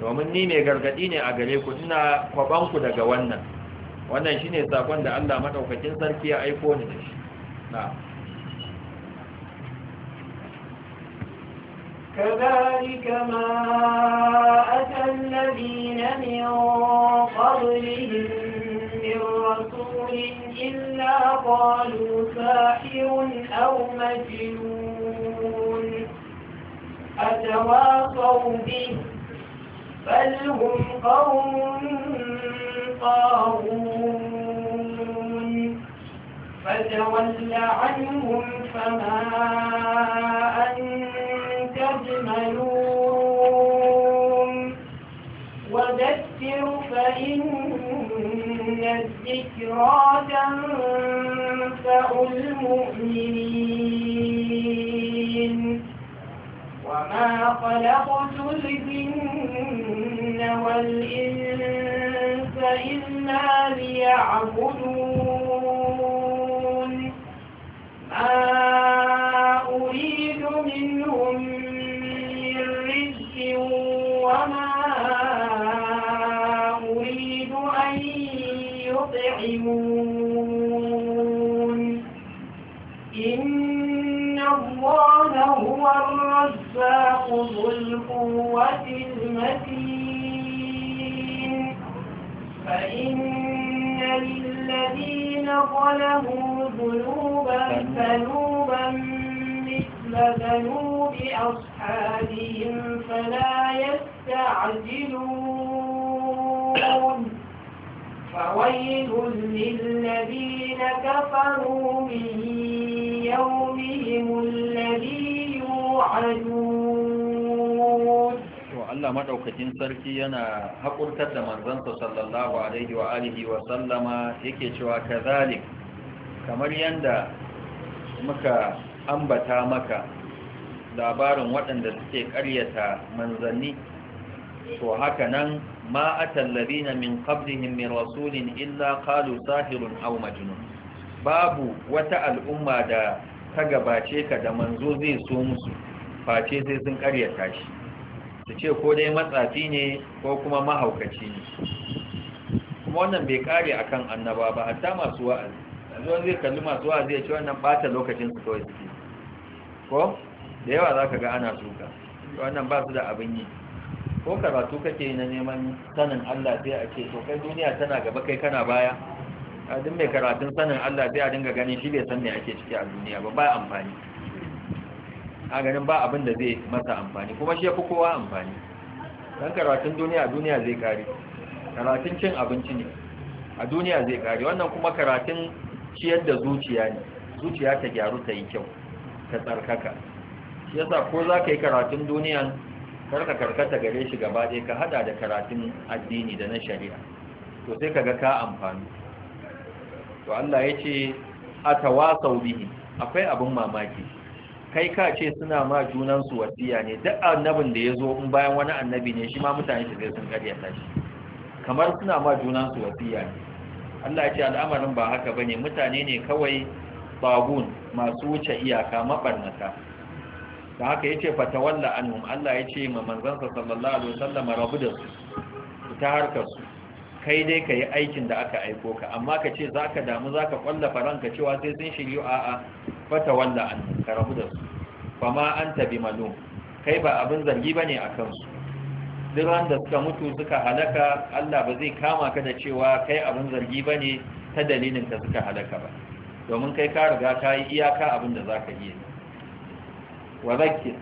domin ni mai gargadi ne a gare ku ina kwaban daga wannan wannan shine sakon da Allah madaukakin sarki ya aiko ni da shi na'am كذلك ما أتى الذين من قبلهم من رسول إلا قالوا ساحر أو مجنون أتواصوا به بل هم قوم طاغون فتول عنهم فما ذكرى تنفع المؤمنين وما خلقت الجن والإنس إلا ليعبدون له ذنوبا ذنوبا مثل ذنوب أصحابهم فلا يستعجلون فويل للذين كفروا من يومهم الذي يوعدون Allah madaukakin sarki yana haƙurtar da manzansa sallallahu alaihi wa alihi wa sallama yake cewa kazalik kamar yadda muka ambata maka labarin waɗanda suke ƙaryata manzanni to haka nan ma a na min ƙabdihin mai rasulun illa ƙalu sahirun au babu wata al'umma da ta gabace ka da manzo zai so musu face sai sun ƙaryata shi su ce ko dai matsafi ne ko kuma mahaukaci ne kuma wannan bai kare akan annaba ba hatta masu wa'azi zuwan zai kalli masu wa zai ci wannan ɓata lokacin su kawai suke ko da yawa za ka ga ana suka wannan ba su da abin yi ko karatu kake na neman sanin Allah sai a ce to kai duniya tana gaba kai kana baya a duk mai karatun sanin Allah sai a dinga ganin shi bai san me ake ciki a duniya ba ba amfani a ganin ba abin da zai masa amfani kuma shi yafi kowa amfani dan karatun duniya duniya zai kare karatun cin abinci ne a duniya zai kare wannan kuma karatun ciyar da zuciya ne zuciya ta gyaru ta yi kyau ta tsarkaka shi yasa ko za ka yi karatun duniya karka karkata gare shi gaba ɗaya ka hada da karatun addini da na shari'a to sai ka ga ka amfani to Allah ya ce atawasau bihi akwai abin mamaki kai ka ce suna ma junansu wasiya ne duk annabin da ya zo in bayan wani annabi ne shi ma mutane su zai sun karyata tashi. kamar suna ma junansu wasiya ne Allah ya ce al'amarin ba haka bane mutane ne kawai bagun masu wuce iyaka mabarnata da haka yace fatawalla anhum Allah ya ce ma manzansa sallallahu alaihi wasallam rabu da su ta harkar su kai dai ka yi aikin da aka aiko ka amma ka ce za ka damu za ka kwallafa ranka cewa sai sun shirya a'a fata walla an ka rabu da su kuma an tabi malum kai ba abin zargi bane ne a kansu duk da suka mutu suka halaka Allah ba zai kama ka da cewa kai abin zargi ba ne ta dalilin ka suka halaka ba domin kai ka riga ka yi iyaka abin da za ka iya wa zakir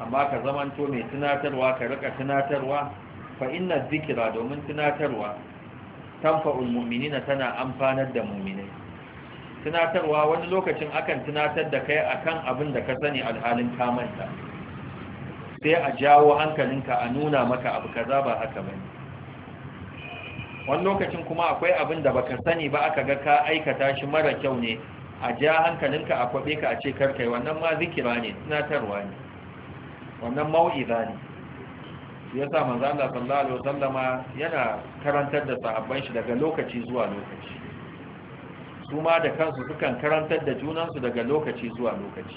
amma ka zamanto mai tunatarwa ka rika tunatarwa fa inna zikira domin tunatarwa tanfa'ul mu'minina tana amfanar da mu'minai tunatarwa wani lokacin akan tunatar da kai akan abin da ka sani alhalin ka manta sai a jawo hankalinka a nuna maka abu kaza ba haka bane wani lokacin kuma akwai abin da baka sani ba aka ga ka aikata shi mara kyau ne a ja hankalinka a kwabe ka a ce karkai wannan ma zikira ne tunatarwa ne wannan mau'iza ne Ya sa manzo Allah sallallahu alaihi wasallama yana karantar da sahabban shi daga lokaci zuwa lokaci su ma da kansu sukan karantar da junansu daga lokaci zuwa lokaci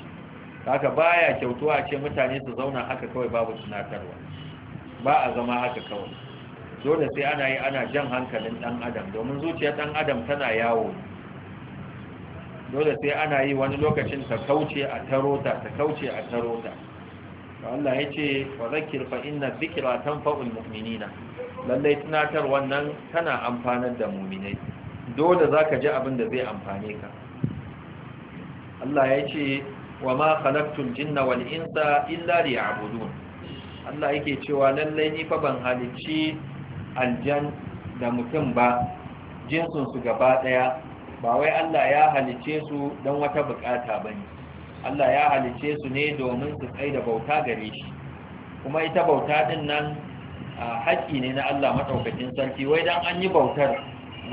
haka baya kyautuwa ce mutane su zauna haka kawai babu tunatarwa ba a zama haka kawai dole sai ana yi ana jan hankalin dan adam domin zuciyar dan adam tana yawo dole sai ana yi wani lokacin ta kauce a tarota ta kauce a tarota Allah ya ce wa zakir fa inna zikra tanfa'ul mu'minina lallai tunatar wannan tana amfanar da mu'minai dole zaka ji abin da zai amfane ka Allah ya ce wa ma khalaqtul jinna wal insa illa liya'budun Allah yake cewa lallai ni fa ban halicci aljan da mutum ba jinsun su gaba daya ba wai Allah ya halice su don wata bukata bane Allah ya halice su ne domin su kai da bauta gare shi kuma ita bauta din nan haƙƙi ne na Allah madaukakin sarki wai dan an yi bautar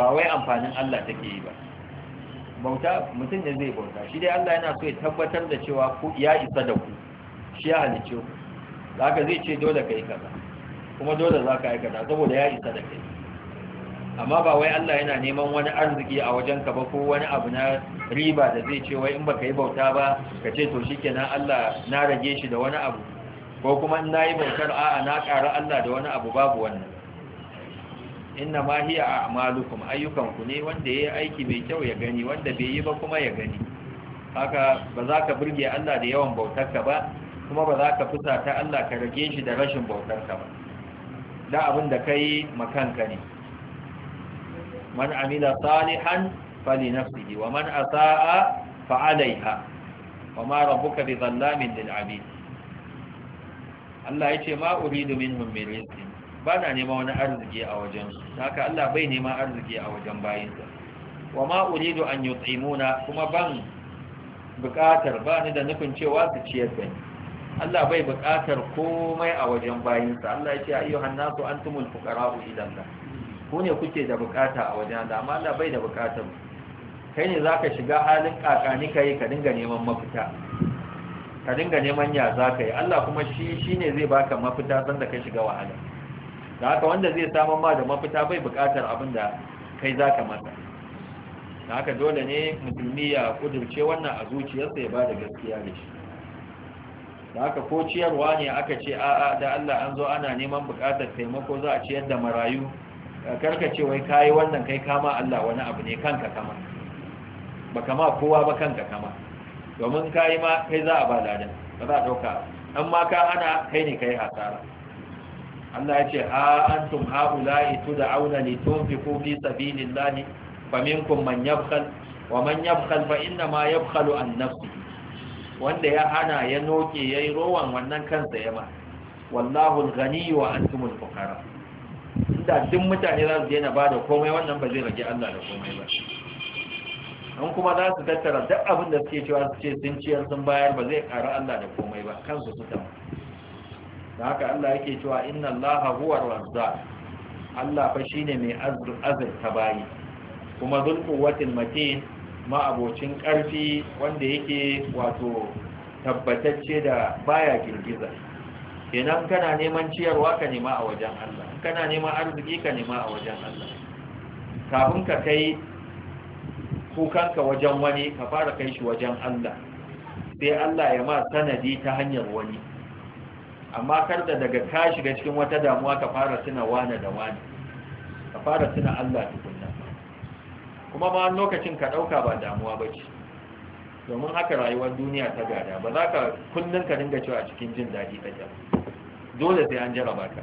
ba wai amfanin Allah take yi ba bauta mutum ne zai bauta shi dai Allah yana so ya tabbatar da cewa ku ya isa da ku shi ya halice ku zaka zai ce dole kai kaza kuma dole zaka kaza saboda ya isa da kai amma ba wai Allah yana neman wani arziki a wajen ka ba ko wani abu na riba da zai ce wai in baka yi bauta ba ka ce to shikenan Allah na rage shi da wani abu ko kuma in nayi bautar a'a na ƙara Allah da wani abu babu wannan inna ma hiya a'malukum ayyukanku ne wanda yayi aiki mai kyau ya gani wanda bai yi ba kuma ya gani haka ba za ka burge Allah da yawan bautarka ba kuma ba za ka fusa ta Allah ka rage shi da rashin bautarka ba da abin da kai makanka ne man amila salihan fali nafsihi wa man asaa fa alaiha wa ma rabbuka bi dhallamin lil abid Allah yace ma uridu minhum min rizqin ba na neman wani arziki a wajensu haka Allah bai neman arziki a wajen bayinsa wa ma uridu an yut'imuna kuma ban buƙatar ba ni da nufin cewa su ciyar da ni Allah bai buƙatar komai a wajen bayinsa Allah ya ce ayyuhan nasu antumul fuqara'u ila Allah ku ne kuke da buƙata a wajen Allah amma Allah bai da buƙatar kai ne zaka shiga halin kakani kai ka dinga neman mafita ka dinga neman ya za ka yi Allah kuma shi shi ne zai baka mafita sanda ka shiga wahala da haka wanda zai samun ma da mafita bai bukatar abin da kai za ka mata da haka dole ne musulmi ya kudurce wannan a zuciyarsa ya ba da gaskiya da shi da haka ko ciyarwa ne aka ce a da Allah an zo ana neman bukatar taimako za a ciyar da marayu karka ce wai kayi wannan kai kama Allah wani abu ne kanka kama ba kama kowa ba kanka kama domin kayi ma kai za a ba ladan ba za a ɗauka amma ka hana kai ne kai hasara Allah ya ce ha antum haula'i tud'auna tun fi sabilillahi faminkum man yabkhal wa man yabkhal fa inna ma yabkhalu an nafsi wanda ya hana ya noke yayi rowan wannan kansa ya ma wallahu al-ghani wa antumul fuqara inda duk mutane za su daina bada komai wannan ba zai rage Allah da komai ba an kuma za su tattara duk abin da suke cewa su ce sun ciyar sun bayar ba zai ƙara Allah da komai ba kansu su tamu da haka Allah yake cewa inna allaha huwa razza Allah fa shine mai azurta bayi kuma zul quwwatil matin ma'abocin karfi wanda yake wato tabbatacce da baya girgiza kenan kana neman ciyarwa ka nema a wajen Allah kana neman arziki ka nema a wajen Allah kafin ka kai kukanka wajen wani ka fara kai shi wajen Allah sai Allah ya ma sanadi ta hanyar wani amma kar da daga ka shiga cikin wata damuwa ka fara tuna wane da wane ka fara tuna Allah tukunna kuma ma lokacin ka ɗauka ba damuwa ba ce, domin haka rayuwar duniya ta gada ba za ka kullun ka dinga cewa cikin jin daɗi take dole sai an jaraba ka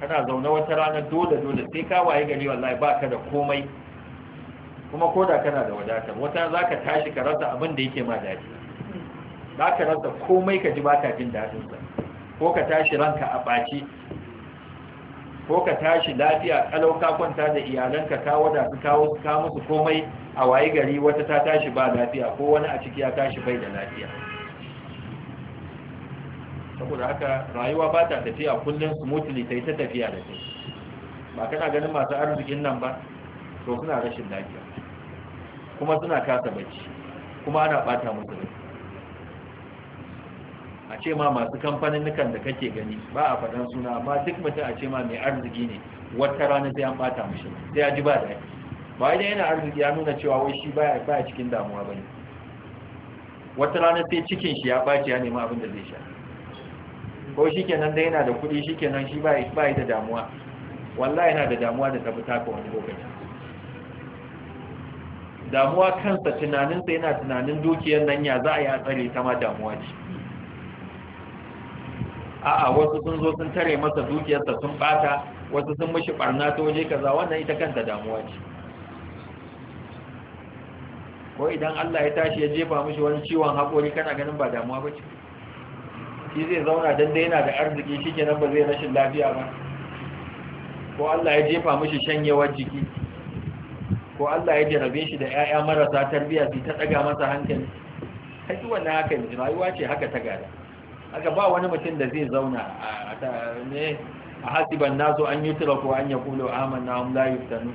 kana zaune wata rana dole dole sai ka waye gari wallahi baka da komai kuma koda kana da wadatar wata za ka tashi ka rasa abin da yake ma daɗi za ka rasa komai ka ji ba ka jin daɗinsa ko ka tashi ranka a ɓaci ko ka tashi lafiya kalau ka kwanta da iyalanka ka wada su kawo ka musu komai a waye gari wata ta tashi ba lafiya ko wani a ciki ya tashi bai da lafiya saboda haka rayuwa ba ta tafiya kullum mutuli ta yi ta tafiya da kai ba kana ganin masu arzikin nan ba to suna rashin lafiya kuma suna kasa bacci kuma ana bata musu a ce ma masu kamfanin nukan da kake gani ba a faɗan suna amma duk mutum a ce ma mai arziki ne wata rana sai an ɓata mashi sai ya ji ba daɗi ba idan yana arziki ya nuna cewa wai shi baya cikin damuwa ba ne wata rana sai cikin shi ya ɓaci ya nemi abin da zai sha ko shi kenan da yana da kuɗi shi kenan shi ba da damuwa wallahi yana da damuwa da tafi taka wani lokaci damuwa kansa tunaninsa yana tunanin dukiyar nan ya za a yi a tsare ta ma damuwa ce a'a wasu sun zo sun tare masa dukiyarsa sun bata wasu sun mishi barna ta waje kaza wannan ita kanta damuwa ce ko idan Allah ya tashi ya jefa mishi wani ciwon haƙori kana ganin ba damuwa ba ce shi zai zauna dan da yana da arziki shi kenan ba zai rashin lafiya ba ko Allah ya jefa mishi shanyewar jiki ko Allah ya jarabe shi da 'ya'ya marasa tarbiyya su ta daga masa hankali kai wannan haka ne rayuwa ce haka ta gada Aka ba wani mutum da zai zauna a hasiban nasu an yi tura ko an ya kulo aman na hum layu tanu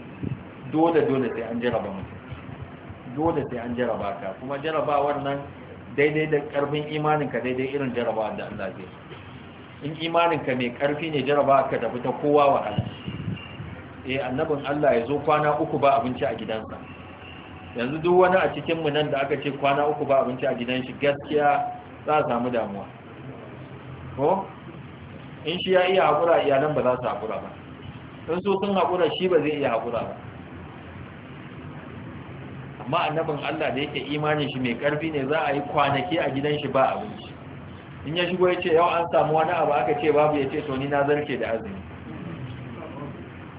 dole dole sai an jaraba mutum dole sai an jaraba ka kuma jarabawar nan daidai da karfin imaninka daidai irin jaraba da Allah zai in imaninka mai karfi ne jaraba ka tafi ta kowa wa Allah eh annabin Allah ya zo kwana uku ba abinci a gidansa yanzu duk wani a cikin mu nan da aka ce kwana uku ba abinci a gidan shi gaskiya za a samu damuwa ko in shi ya iya haƙura iyalan ba za su haƙura ba in so sun haƙura shi ba zai iya haƙura ba amma annabin Allah da yake imanin shi mai ƙarfi ne za a yi kwanaki a gidan shi ba abinci in ya shigo ya ce yau an samu wani abu aka ce babu ya ce to ni na zarce da azumi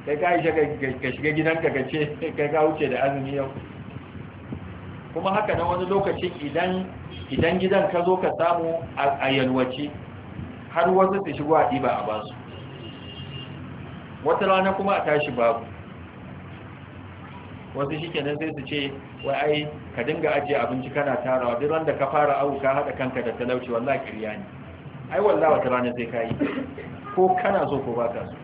kai ka ishe ka shiga gidanka ka ce kai ka wuce da azumi yau kuma haka na wani lokacin idan gidan ka zo ka samu a yalwaci har wasu su shigo a ɗiba a ba su wata rana kuma a tashi babu wasu shi kenan sai su ce wai ai ka dinga ajiye abinci kana tarawa duk wanda ka fara abu ka haɗa kanka da talauci wallahi kiriya ne ai wallahi wata rana sai ka yi ko kana so ko ba ka so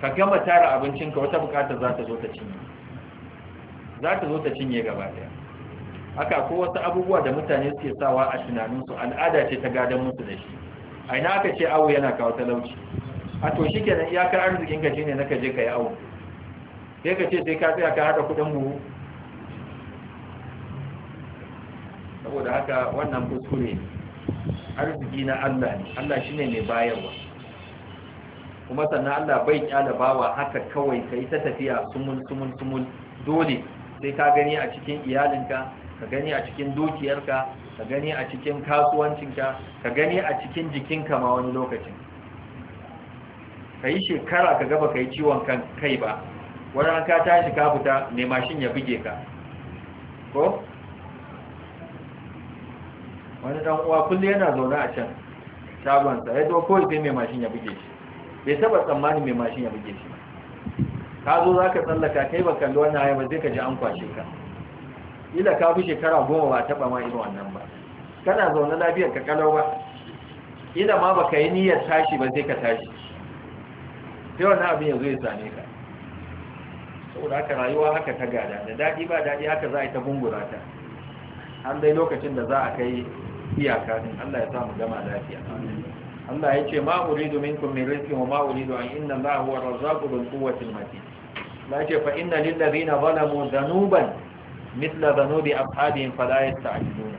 ka gama tara abincinka wata bukata za ta zo ta cinye za ta zo ta cinye gaba ɗaya. haka ko wasu abubuwa da mutane suke sawa a tunaninsu al'ada ce ta gadon musu da shi a ina aka ce awo yana kawo talauci a to shi kenan iyakar arzikinka shine na kaje ka yi awo sai ka ce sai ka tsaya ka hada kudin mu. saboda haka wannan kuskure arziki na Allah ne Allah shine mai bayarwa kuma sannan Allah bai kyala bawa haka kawai kai ta tafiya sumul sumul sumul dole sai ka gani a cikin iyalinka ka gani a cikin dukiyarka ka gani a cikin kasuwancinka ka gani a cikin jikinka ma wani lokacin ka yi shekara ka gaba ka yi ciwon kan kai ba wani ka tashi ka fita mai mashin ya buge ka ko wani dan uwa kulle yana zaune a can shagonsa ya zo kawai sai mai mashin ya buge shi bai taba tsammanin mai mashin ya buge shi ka zo za ka tsallaka kai ba kalli wannan haya ba zai ka ji an kwashe ka ila ka fi shekara goma ba taɓa ma irin wannan ba kana zaune lafiyar ka kalau ba ila ma ba ka yi niyyar tashi ba sai ka tashi sai wannan abin ya zo ya same ka saboda haka rayuwa haka ta gada da daɗi ba daɗi haka za a yi ta gungura ta an dai lokacin da za a kai iyaka din Allah ya sa mu gama lafiya Allah ya ce ma domin minkum min rizqin wa ma uridu an inna Allaha huwa ar-razzaqu dhul quwwati al-matin la ce fa inna lil ladhina zalamu dhanuban mithla zanubi ashabihim a yasta'jilun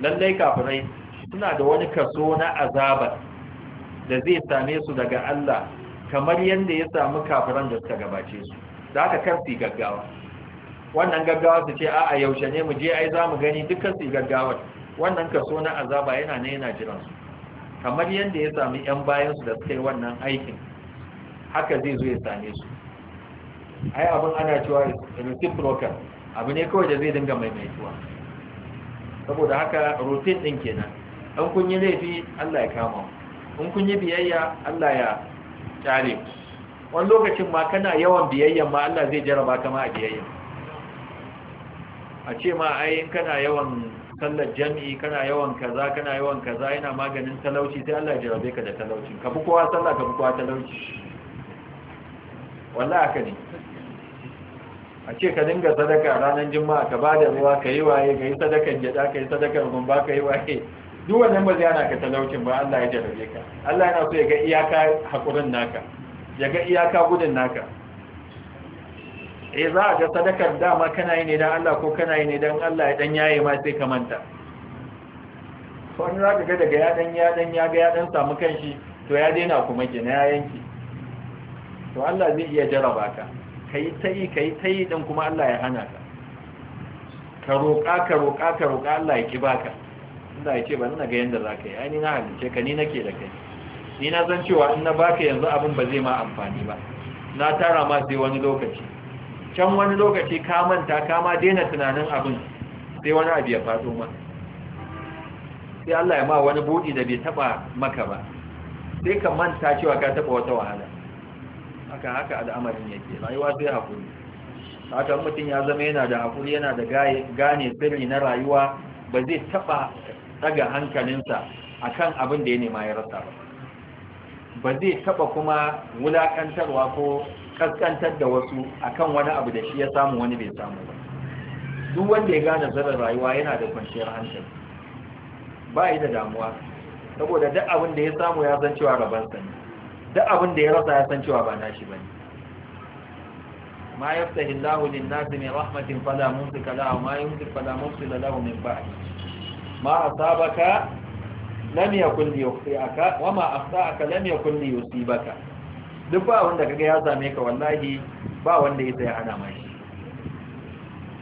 lallai kafirai suna da wani kaso na azaba da zai same su daga Allah kamar yadda ya samu kafiran da suka gabace su da aka karfi gaggawa wannan gaggawa su ce a'a yaushe ne mu je ai za mu gani dukkan su gaggawa wannan kaso na azaba yana ne yana jiran su kamar yadda ya sami yan bayan su da suka yi wannan aikin haka zai zo ya same su ai abin ana cewa reciprocal abu ne kawai da zai dinga maimaituwa saboda haka rutin din kenan an kun yi laifi Allah ya kama in kun yi biyayya Allah ya tare wani lokacin ma kana yawan biyayya ma Allah zai jaraba ka ma a biyayya a ce ma ai kana yawan sallar jami'i kana yawan kaza kana yawan kaza yana maganin talauci sai Allah ya jarabe ka da talauci ka bi kowa sallah ka bi kowa talauci wallahi haka ne a ce ka dinga sadaka ranar juma'a ka ba da ruwa ka yi waye ka yi sadakan gyada ka yi sadakan gumba ka yi waye duk wannan ba zai ana ka talaucin ba Allah ya jarabe ka Allah yana so ya ga iyaka hakurin naka ya ga iyaka gudun naka eh za a ga sadakar dama kana yi ne dan Allah ko kana yi ne dan Allah ya dan yaye ma sai ka manta wani za ka ga daga ya dan ya dan ya ga ya dan samu kanshi to ya daina kuma kina ya yanki to Allah zai iya jaraba ka kai ta yi kai ta yi dan kuma Allah ya hana ka ka roƙa ka roƙa ka roƙa Allah ya ki baka inda ya ce ba na ga yanda za ka yi ai ni na halice ka ni nake da kai ni na zan cewa in na baka yanzu abin ba zai ma amfani ba na tara ma sai wani lokaci can wani lokaci ka manta ka ma daina tunanin abin sai wani abu ya faɗo ma sai Allah ya ma wani buɗi da bai taɓa maka ba sai ka manta cewa ka taɓa wata wahala haka haka al'amarin yake rayuwa sai hakuri haka mutum ya zama yana da hakuri yana da gane sirri na rayuwa ba zai taba daga hankalinsa akan abin da ya nema ya rasa ba ba zai taba kuma wulakantarwa ko kaskantar da wasu akan wani abu da shi ya samu wani bai samu ba duk wanda ya gane zarar rayuwa yana da kwanciyar hankali ba yi da damuwa saboda duk abin da ya samu ya zan cewa rabansa ne duk abin da ya rasa ya san cewa ba nashi bane ma yaftahi Allahu lin-nasi min rahmatin fala mumsika lahu ma yumsik fala mursila lahu min ba'di ma asabaka lam yakun liyukhti'aka wa ma akhta'aka lam yakun liyusibaka duk ba wanda kaga ya same ka wallahi ba wanda ya ya ana mai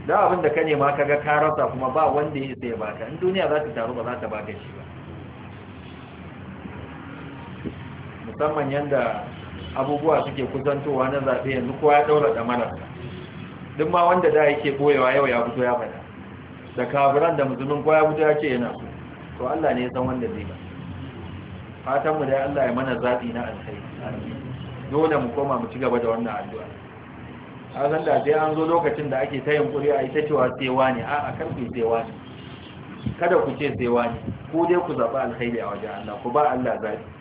da abin da ka nema kaga ka rasa kuma ba wanda ya ya baka in duniya za ta taru ba za ta baka shi ba musamman yadda abubuwa suke kusantowa na zaɓe yanzu kowa ya ɗaura ɗamarar duk ma wanda da yake ɓoyewa yau ya fito ya faɗa da kafiran da musulmin kowa ya fito ya ce yana so to Allah ne ya san wanda zai ba fatanmu dai Allah ya mana zaɓi na alkhairi dole mu koma mu ci gaba da wannan addu'a a san da sai an zo lokacin da ake ta yunkuri a ita cewa tsewa ne a a karfi tsewa ne kada ku ce tsewa ne ko dai ku zaɓi alkhairi a wajen Allah ku ba Allah zaɓi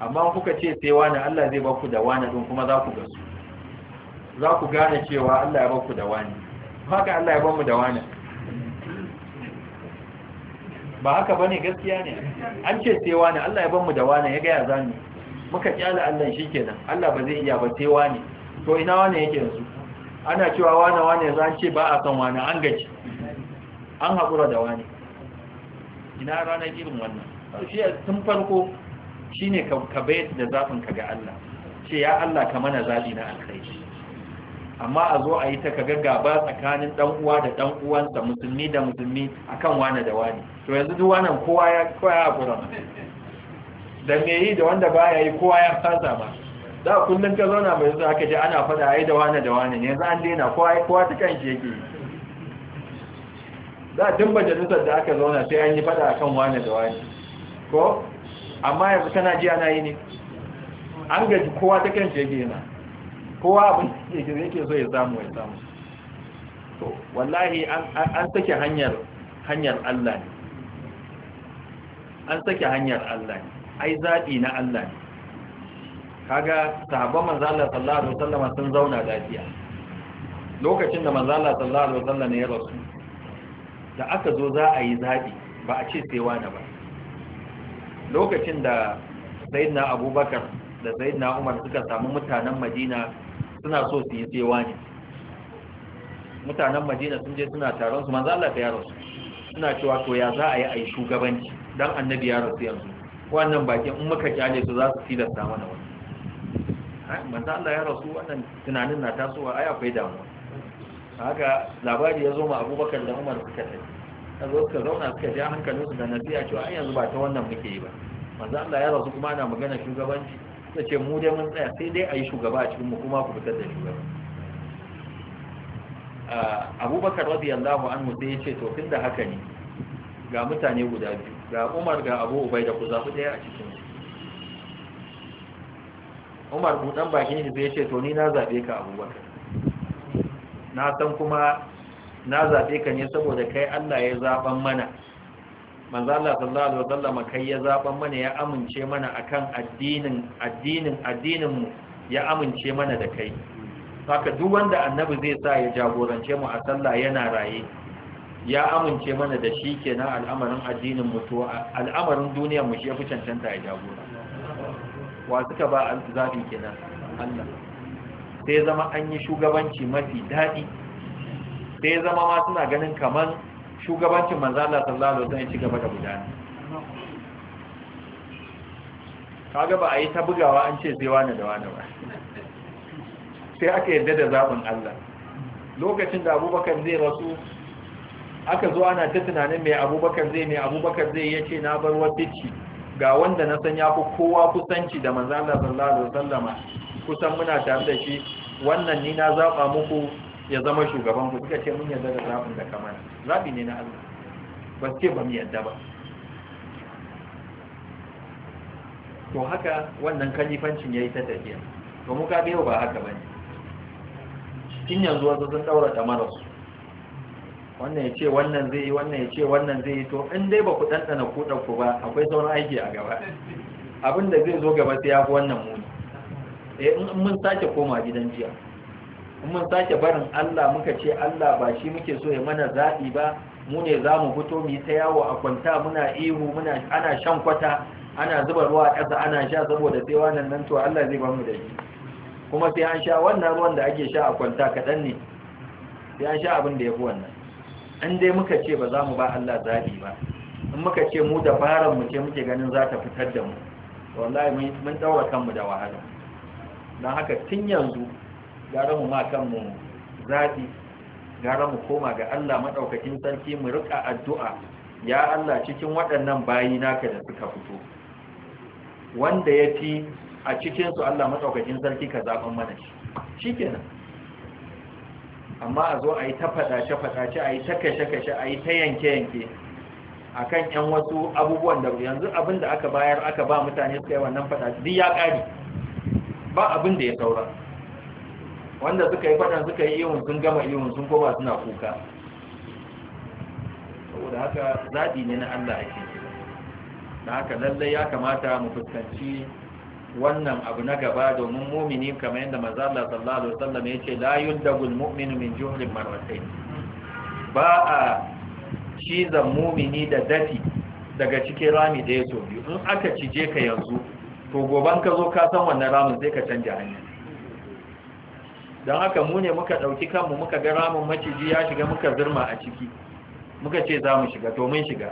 amma kuka ce sai wani Allah zai baku da wani don kuma za ku gasu za ku gane cewa Allah ya baku da wani haka Allah ya bamu da wani ba haka bane gaskiya ne an ce sai wani Allah ya bamu da wani ya ga ya zani muka kyala Allah kenan. Allah ba zai iya ba sai wani to ina wani yake yanzu ana cewa wani wani yanzu an ce ba a san wani an gaji an haƙura da wani ina ranar irin wannan shi tun farko ne ka bayar da zafin ka ga Allah ce ya Allah ka mana zabi na alkhairi amma a zo a yi ta kaga gaba tsakanin ɗan uwa da dan uwansa musulmi da musulmi akan wane da wani to yanzu duk wannan kowa ya kowa ya da me yi da wanda ba ya yi kowa ya fasa ma da kullum ka zauna mai zuwa aka ji ana fada ai da wane da wane yanzu an daina kowa kowa ta kanshi yake da tun majalisar da aka zauna sai an yi fada akan wani da wane ko amma yanzu na ji ana yi ne an gaji kowa ta kan shege na kowa abin da yake so ya samu ya samu to wallahi an sake hanyar hanyar Allah ne an sake hanyar Allah ne ai zaɓi na Allah ne kaga sahabban manzala sallallahu alaihi wasallam sun zauna lafiya lokacin da manzala sallallahu alaihi wasallam ya rasu da aka zo za a yi zaɓi ba a ce sai wani ba lokacin da sayyidina abubakar da sayyidina umar suka samu mutanen madina suna so su yi tsewa ne mutanen madina sun je suna taron su manzo Allah yaron yaro su suna cewa to ya za a yi a yi shugabanci dan annabi ya rasu yanzu wannan bakin in muka kyale su za su tilasta mana wani manzo Allah ya rasu wannan tunanin na tasowa ai akwai damuwa haka labari ya zo ma Abubakar da Umar suka tafi ka zo ka zauna suka ja hankalin su da nasiya cewa an yanzu ba ta wannan muke yi ba manzo Allah ya rasu kuma ana magana shugabanci ta ce mu dai mun tsaya sai dai a yi shugaba a cikin mu kuma ku fitar da shugaba abubakar radiyallahu anhu sai ya ce to tun da haka ne ga mutane guda biyu ga umar ga abu ubai da ku zafi ɗaya a cikin umar buɗan bakin shi sai ya ce to ni na zaɓe ka abubakar na san kuma na zaɓe ka ne saboda kai Allah ya zaɓan mana manzo Allah sallallahu alaihi wasallam kai ya zaɓan mana ya amince mana akan addinin addinin addinin mu ya amince mana da kai haka duk wanda annabi zai sa ya jagorance mu a sallah yana raye ya amince mana da shi kenan al'amarin addinin mu to al'amarin duniyar mu shi ya fi cancanta ya jagora wa suka ba zaɓi kenan Allah sai zama an yi shugabanci mafi daɗi da ya zama ma suna ganin kamar shugabancin manzo Allah sallallahu alaihi wasallam ya ci gaba da gudana kaga ba a yi ta bugawa an ce sai wani da wani ba sai aka yarda da zaɓin Allah lokacin da abubakar zai rasu aka zo ana ta tunanin mai abubakar zai mai abubakar zai ya ce na bar wasici ga wanda na san ya fi kowa kusanci da manzala sallallahu alaihi wasallam kusan muna tare da shi wannan ni na zaɓa muku ya zama shugaban ku suka ce mun yarda da zaɓin da kamar zaɓi ne na Allah ba ce ba mu yarda ba to haka wannan kalifancin ya yi ta tafiya to muka biyo ba haka ba ne tun yanzu wasu sun ɗaura ɗamararsu wannan ya ce wannan zai yi wannan ya ce wannan zai yi to in dai ba ku ɗanɗana ku ba akwai sauran aiki a gaba abin da zai zo gaba sai ya fi wannan muni eh, in mun sake koma gidan jiya mun sake barin Allah muka ce Allah ba shi muke so ya mana zaɓi ba mu ne za mu fito mu yi ta yawo a kwanta muna ihu muna ana shan kwata ana zuba ruwa a ƙasa ana sha saboda sai wannan nan to Allah zai ba mu da shi kuma sai an sha wannan ruwan da ake sha a kwanta kaɗan ne sai an sha abin da ya fi wannan in dai muka ce ba za mu ba Allah zaɓi ba in muka ce mu dabaran mu ce muke ganin za ta fitar da mu wallahi mun ɗaura kanmu da wahala don haka tun yanzu gara mu ma kanmu zaɓi gara mu koma ga Allah maɗaukakin sarki mu riƙa addu'a ya Allah cikin waɗannan bayi naka da suka fito wanda ya fi a cikinsu Allah maɗaukakin sarki ka zaɓen mana shi shi amma a zo a yi ta faɗace-faɗace a yi ta kashe-kashe a yi ta yanke-yanke a kan ‘yan wasu abubuwan da yanzu abin da aka bayar aka ba mutane suka yi wannan faɗace duk ya ƙari ba abin da ya saura wanda suka yi fadan suka yi ihun sun gama ihun sun koma suna kuka saboda haka zaɓi ne na Allah ake da haka lallai ya kamata mu fuskanci wannan abu na gaba domin mumini kamar yadda manzo sallallahu alaihi wasallam ya ce la yuldagul mu'minu min juhlin marratayn ba a cizon mumini da dafi daga cikin rami ɗaya so biyu in aka cije ka yanzu to gobe ka zo ka san wannan ramin sai ka canja hanya don haka mu ne muka ɗauki kanmu muka ga ramin maciji ya shiga muka zirma a ciki muka ce za mu shiga to mun shiga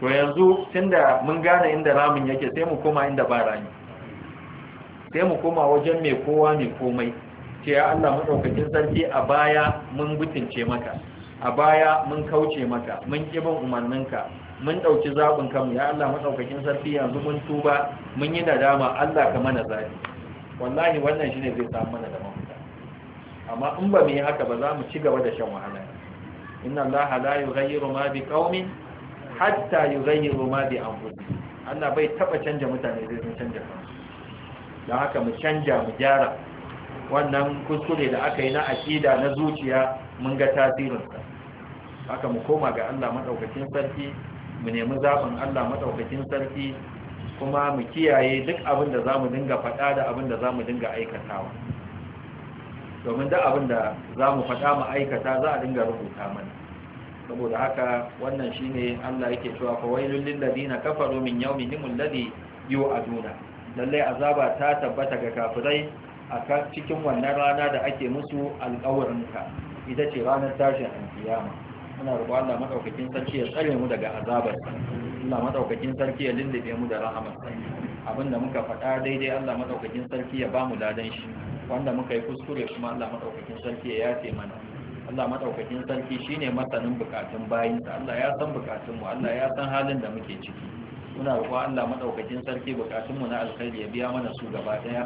to yanzu tun da mun gane inda ramin yake sai mu koma inda ba rami sai mu koma wajen mai kowa mai komai ce ya Allah maɗaukakin sarki a baya mun butince maka a baya mun kauce maka mun ƙibin umarninka mun ɗauki zaɓin kanmu ya Allah maɗaukakin sarki yanzu mun tuba mun yi nadama Allah ka mana zafi wallahi wannan shine zai samu mana da amma in ba mu yi haka ba za mu ci gaba da shan wahala inna allaha la yughayyiru ma bi qaumin hatta yughayyiru ma bi anfusihim Allah bai taba canja mutane zai sun canja kansu dan haka mu canja mu gyara wannan kuskure da aka yi na akida na zuciya mun ga sa haka mu koma ga Allah madaukakin sarki mu nemi zabin Allah madaukakin sarki kuma mu kiyaye duk abin da zamu dinga faɗa da abin da zamu dinga aikatawa domin da abin da za mu faɗa mu aikata za a dinga rubuta mana saboda haka wannan shine Allah yake cewa fa wailul lil ladina kafaru min yawmihim a yu'aduna Lallai, azaba ta tabbata ga kafirai akan cikin wannan rana da ake musu alƙawarinka ita ce ranar tashin kiyama muna roƙon Allah madaukakin sarki ya tsare mu daga azabar Allah madaukakin sarki ya lullube mu da rahamarsa abinda muka faɗa daidai Allah maɗaukakin sarki ya ba mu ladan shi wanda muka yi kuskure kuma Allah madaukakin sarki ya yafe mana Allah madaukakin sarki shine masanin bukatun bayinsa Allah ya san bukatunmu Allah ya san halin da muke ciki muna roƙon Allah madaukakin sarki bukatunmu na alkhairi ya biya mana su gaba daya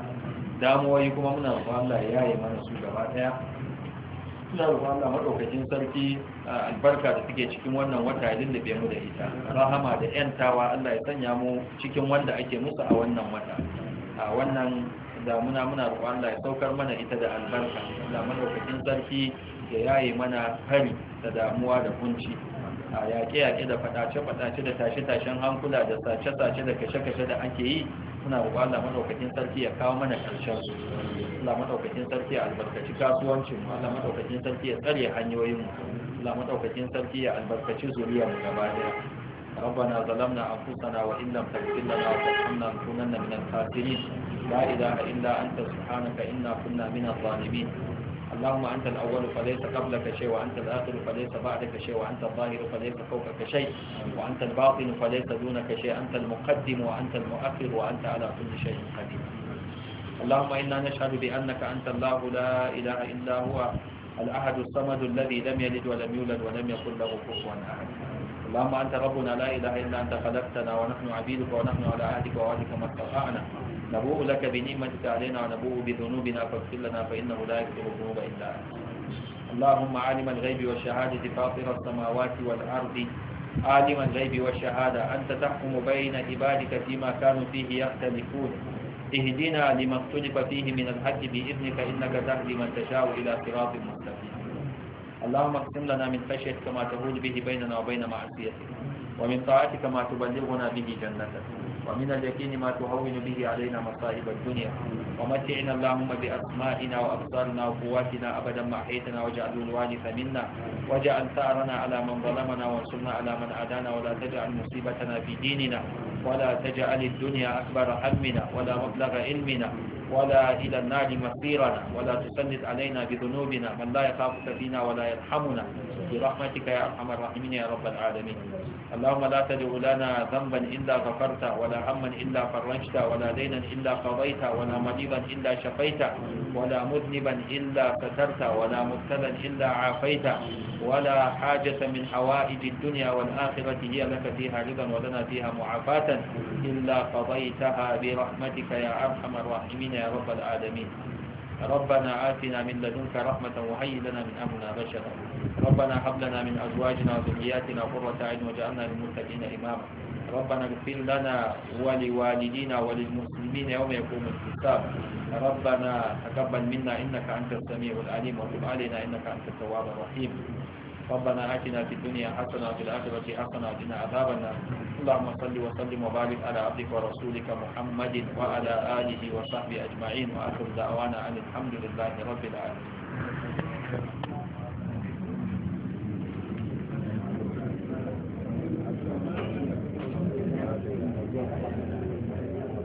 damuwoyi kuma muna roƙon Allah ya yaye mana su gaba daya Muna ruwa Allah maɗaukakin sarki albarka da suke cikin wannan wata ya lullube mu da ita rahama da ‘yantawa Allah ya sanya mu cikin wanda ake musu a wannan wata a wannan damuna muna roƙon Allah ya saukar mana ita da albarka Allah madaukakin sarki ya yaye mana hari da damuwa da kunci a yaƙe-yaƙe da faɗace-faɗace da tashe-tashen hankula da sace-sace da kashe-kashe da ake yi muna roƙon Allah madaukakin sarki ya kawo mana ƙarshen su Allah madaukakin sarki ya albarkaci kasuwancin mu Allah madaukakin sarki ya tsare hanyoyin mu Allah madaukakin sarki ya albarkaci zuriyar mu gaba ɗaya ربنا ظلمنا أنفسنا وإن لم تغفر لنا وترحمنا لنكونن من الخاسرين لا إله إلا أنت سبحانك إنا كنا من الظالمين اللهم أنت الأول فليس قبلك شيء وأنت الآخر فليس بعدك شيء وأنت الظاهر فليس فوقك شيء وأنت الباطن فليس دونك شيء أنت المقدم وأنت المؤخر وأنت على كل شيء قدير اللهم إنا نشهد بأنك أنت الله لا إله إلا هو الأحد الصمد الذي لم يلد ولم يولد ولم يكن له كفوا أحد اللهم أنت ربنا لا إله إلا أنت خلقتنا ونحن عبيدك ونحن على عهدك وعهدك ما استطعنا نبوء لك بنعمتك علينا ونبوء بذنوبنا فاغفر لنا فإنه لا يغفر الذنوب إلا أنت اللهم عالم الغيب والشهادة فاطر السماوات والأرض عالم الغيب والشهادة أنت تحكم بين عبادك فيما كانوا فيه يختلفون اهدنا لما اختلف فيه من الحق بإذنك إنك تهدي من تشاء إلى صراط مستقيم اللهم اقسم لنا من خشيتك ما تهول به بيننا وبين معصيتك ومن طاعتك ما تبلغنا به جنتك ومن اليقين ما تهون به علينا مصائب الدنيا ومتعنا اللهم بأسمائنا وأبصارنا وقواتنا أبدا ما أحيتنا واجعل الوارث منا واجعل ثأرنا على من ظلمنا وانصرنا على من عادانا ولا تجعل مصيبتنا في ديننا ولا تجعل الدنيا أكبر همنا ولا مبلغ علمنا ولا إلى النار مصيرنا ولا تسلط علينا بذنوبنا من لا يخافك فينا ولا يرحمنا برحمتك يا أرحم الراحمين يا رب العالمين اللهم لا تدع لنا ذنبا إلا غفرت ولا هما إلا فرجت ولا دينا إلا قضيت ولا مريضا إلا شفيت ولا مذنبا إلا سترت ولا مبتلا إلا عافيت ولا حاجة من حوائج الدنيا والآخرة هي لك فيها رضا ولنا فيها معافاة إلا قضيتها برحمتك يا أرحم الراحمين يا رب العالمين ربنا آتنا من لدنك رحمة وهيئ لنا من أمرنا رشدا ربنا هب لنا من أزواجنا وذرياتنا قرة أعين واجعلنا للمتقين إماما ربنا اغفر لنا ولوالدينا وللمسلمين يوم يقوم الحساب ربنا تقبل منا إنك أنت السميع العليم وتب علينا إنك أنت التواب الرحيم ربنا آتنا في الدنيا حسنة وفي الآخرة حسنة وقنا عذاب النار اللهم صل وسلم وبارك على عبدك ورسولك محمد وعلى آله وصحبه أجمعين وآخر دعوانا أن الحمد لله رب العالمين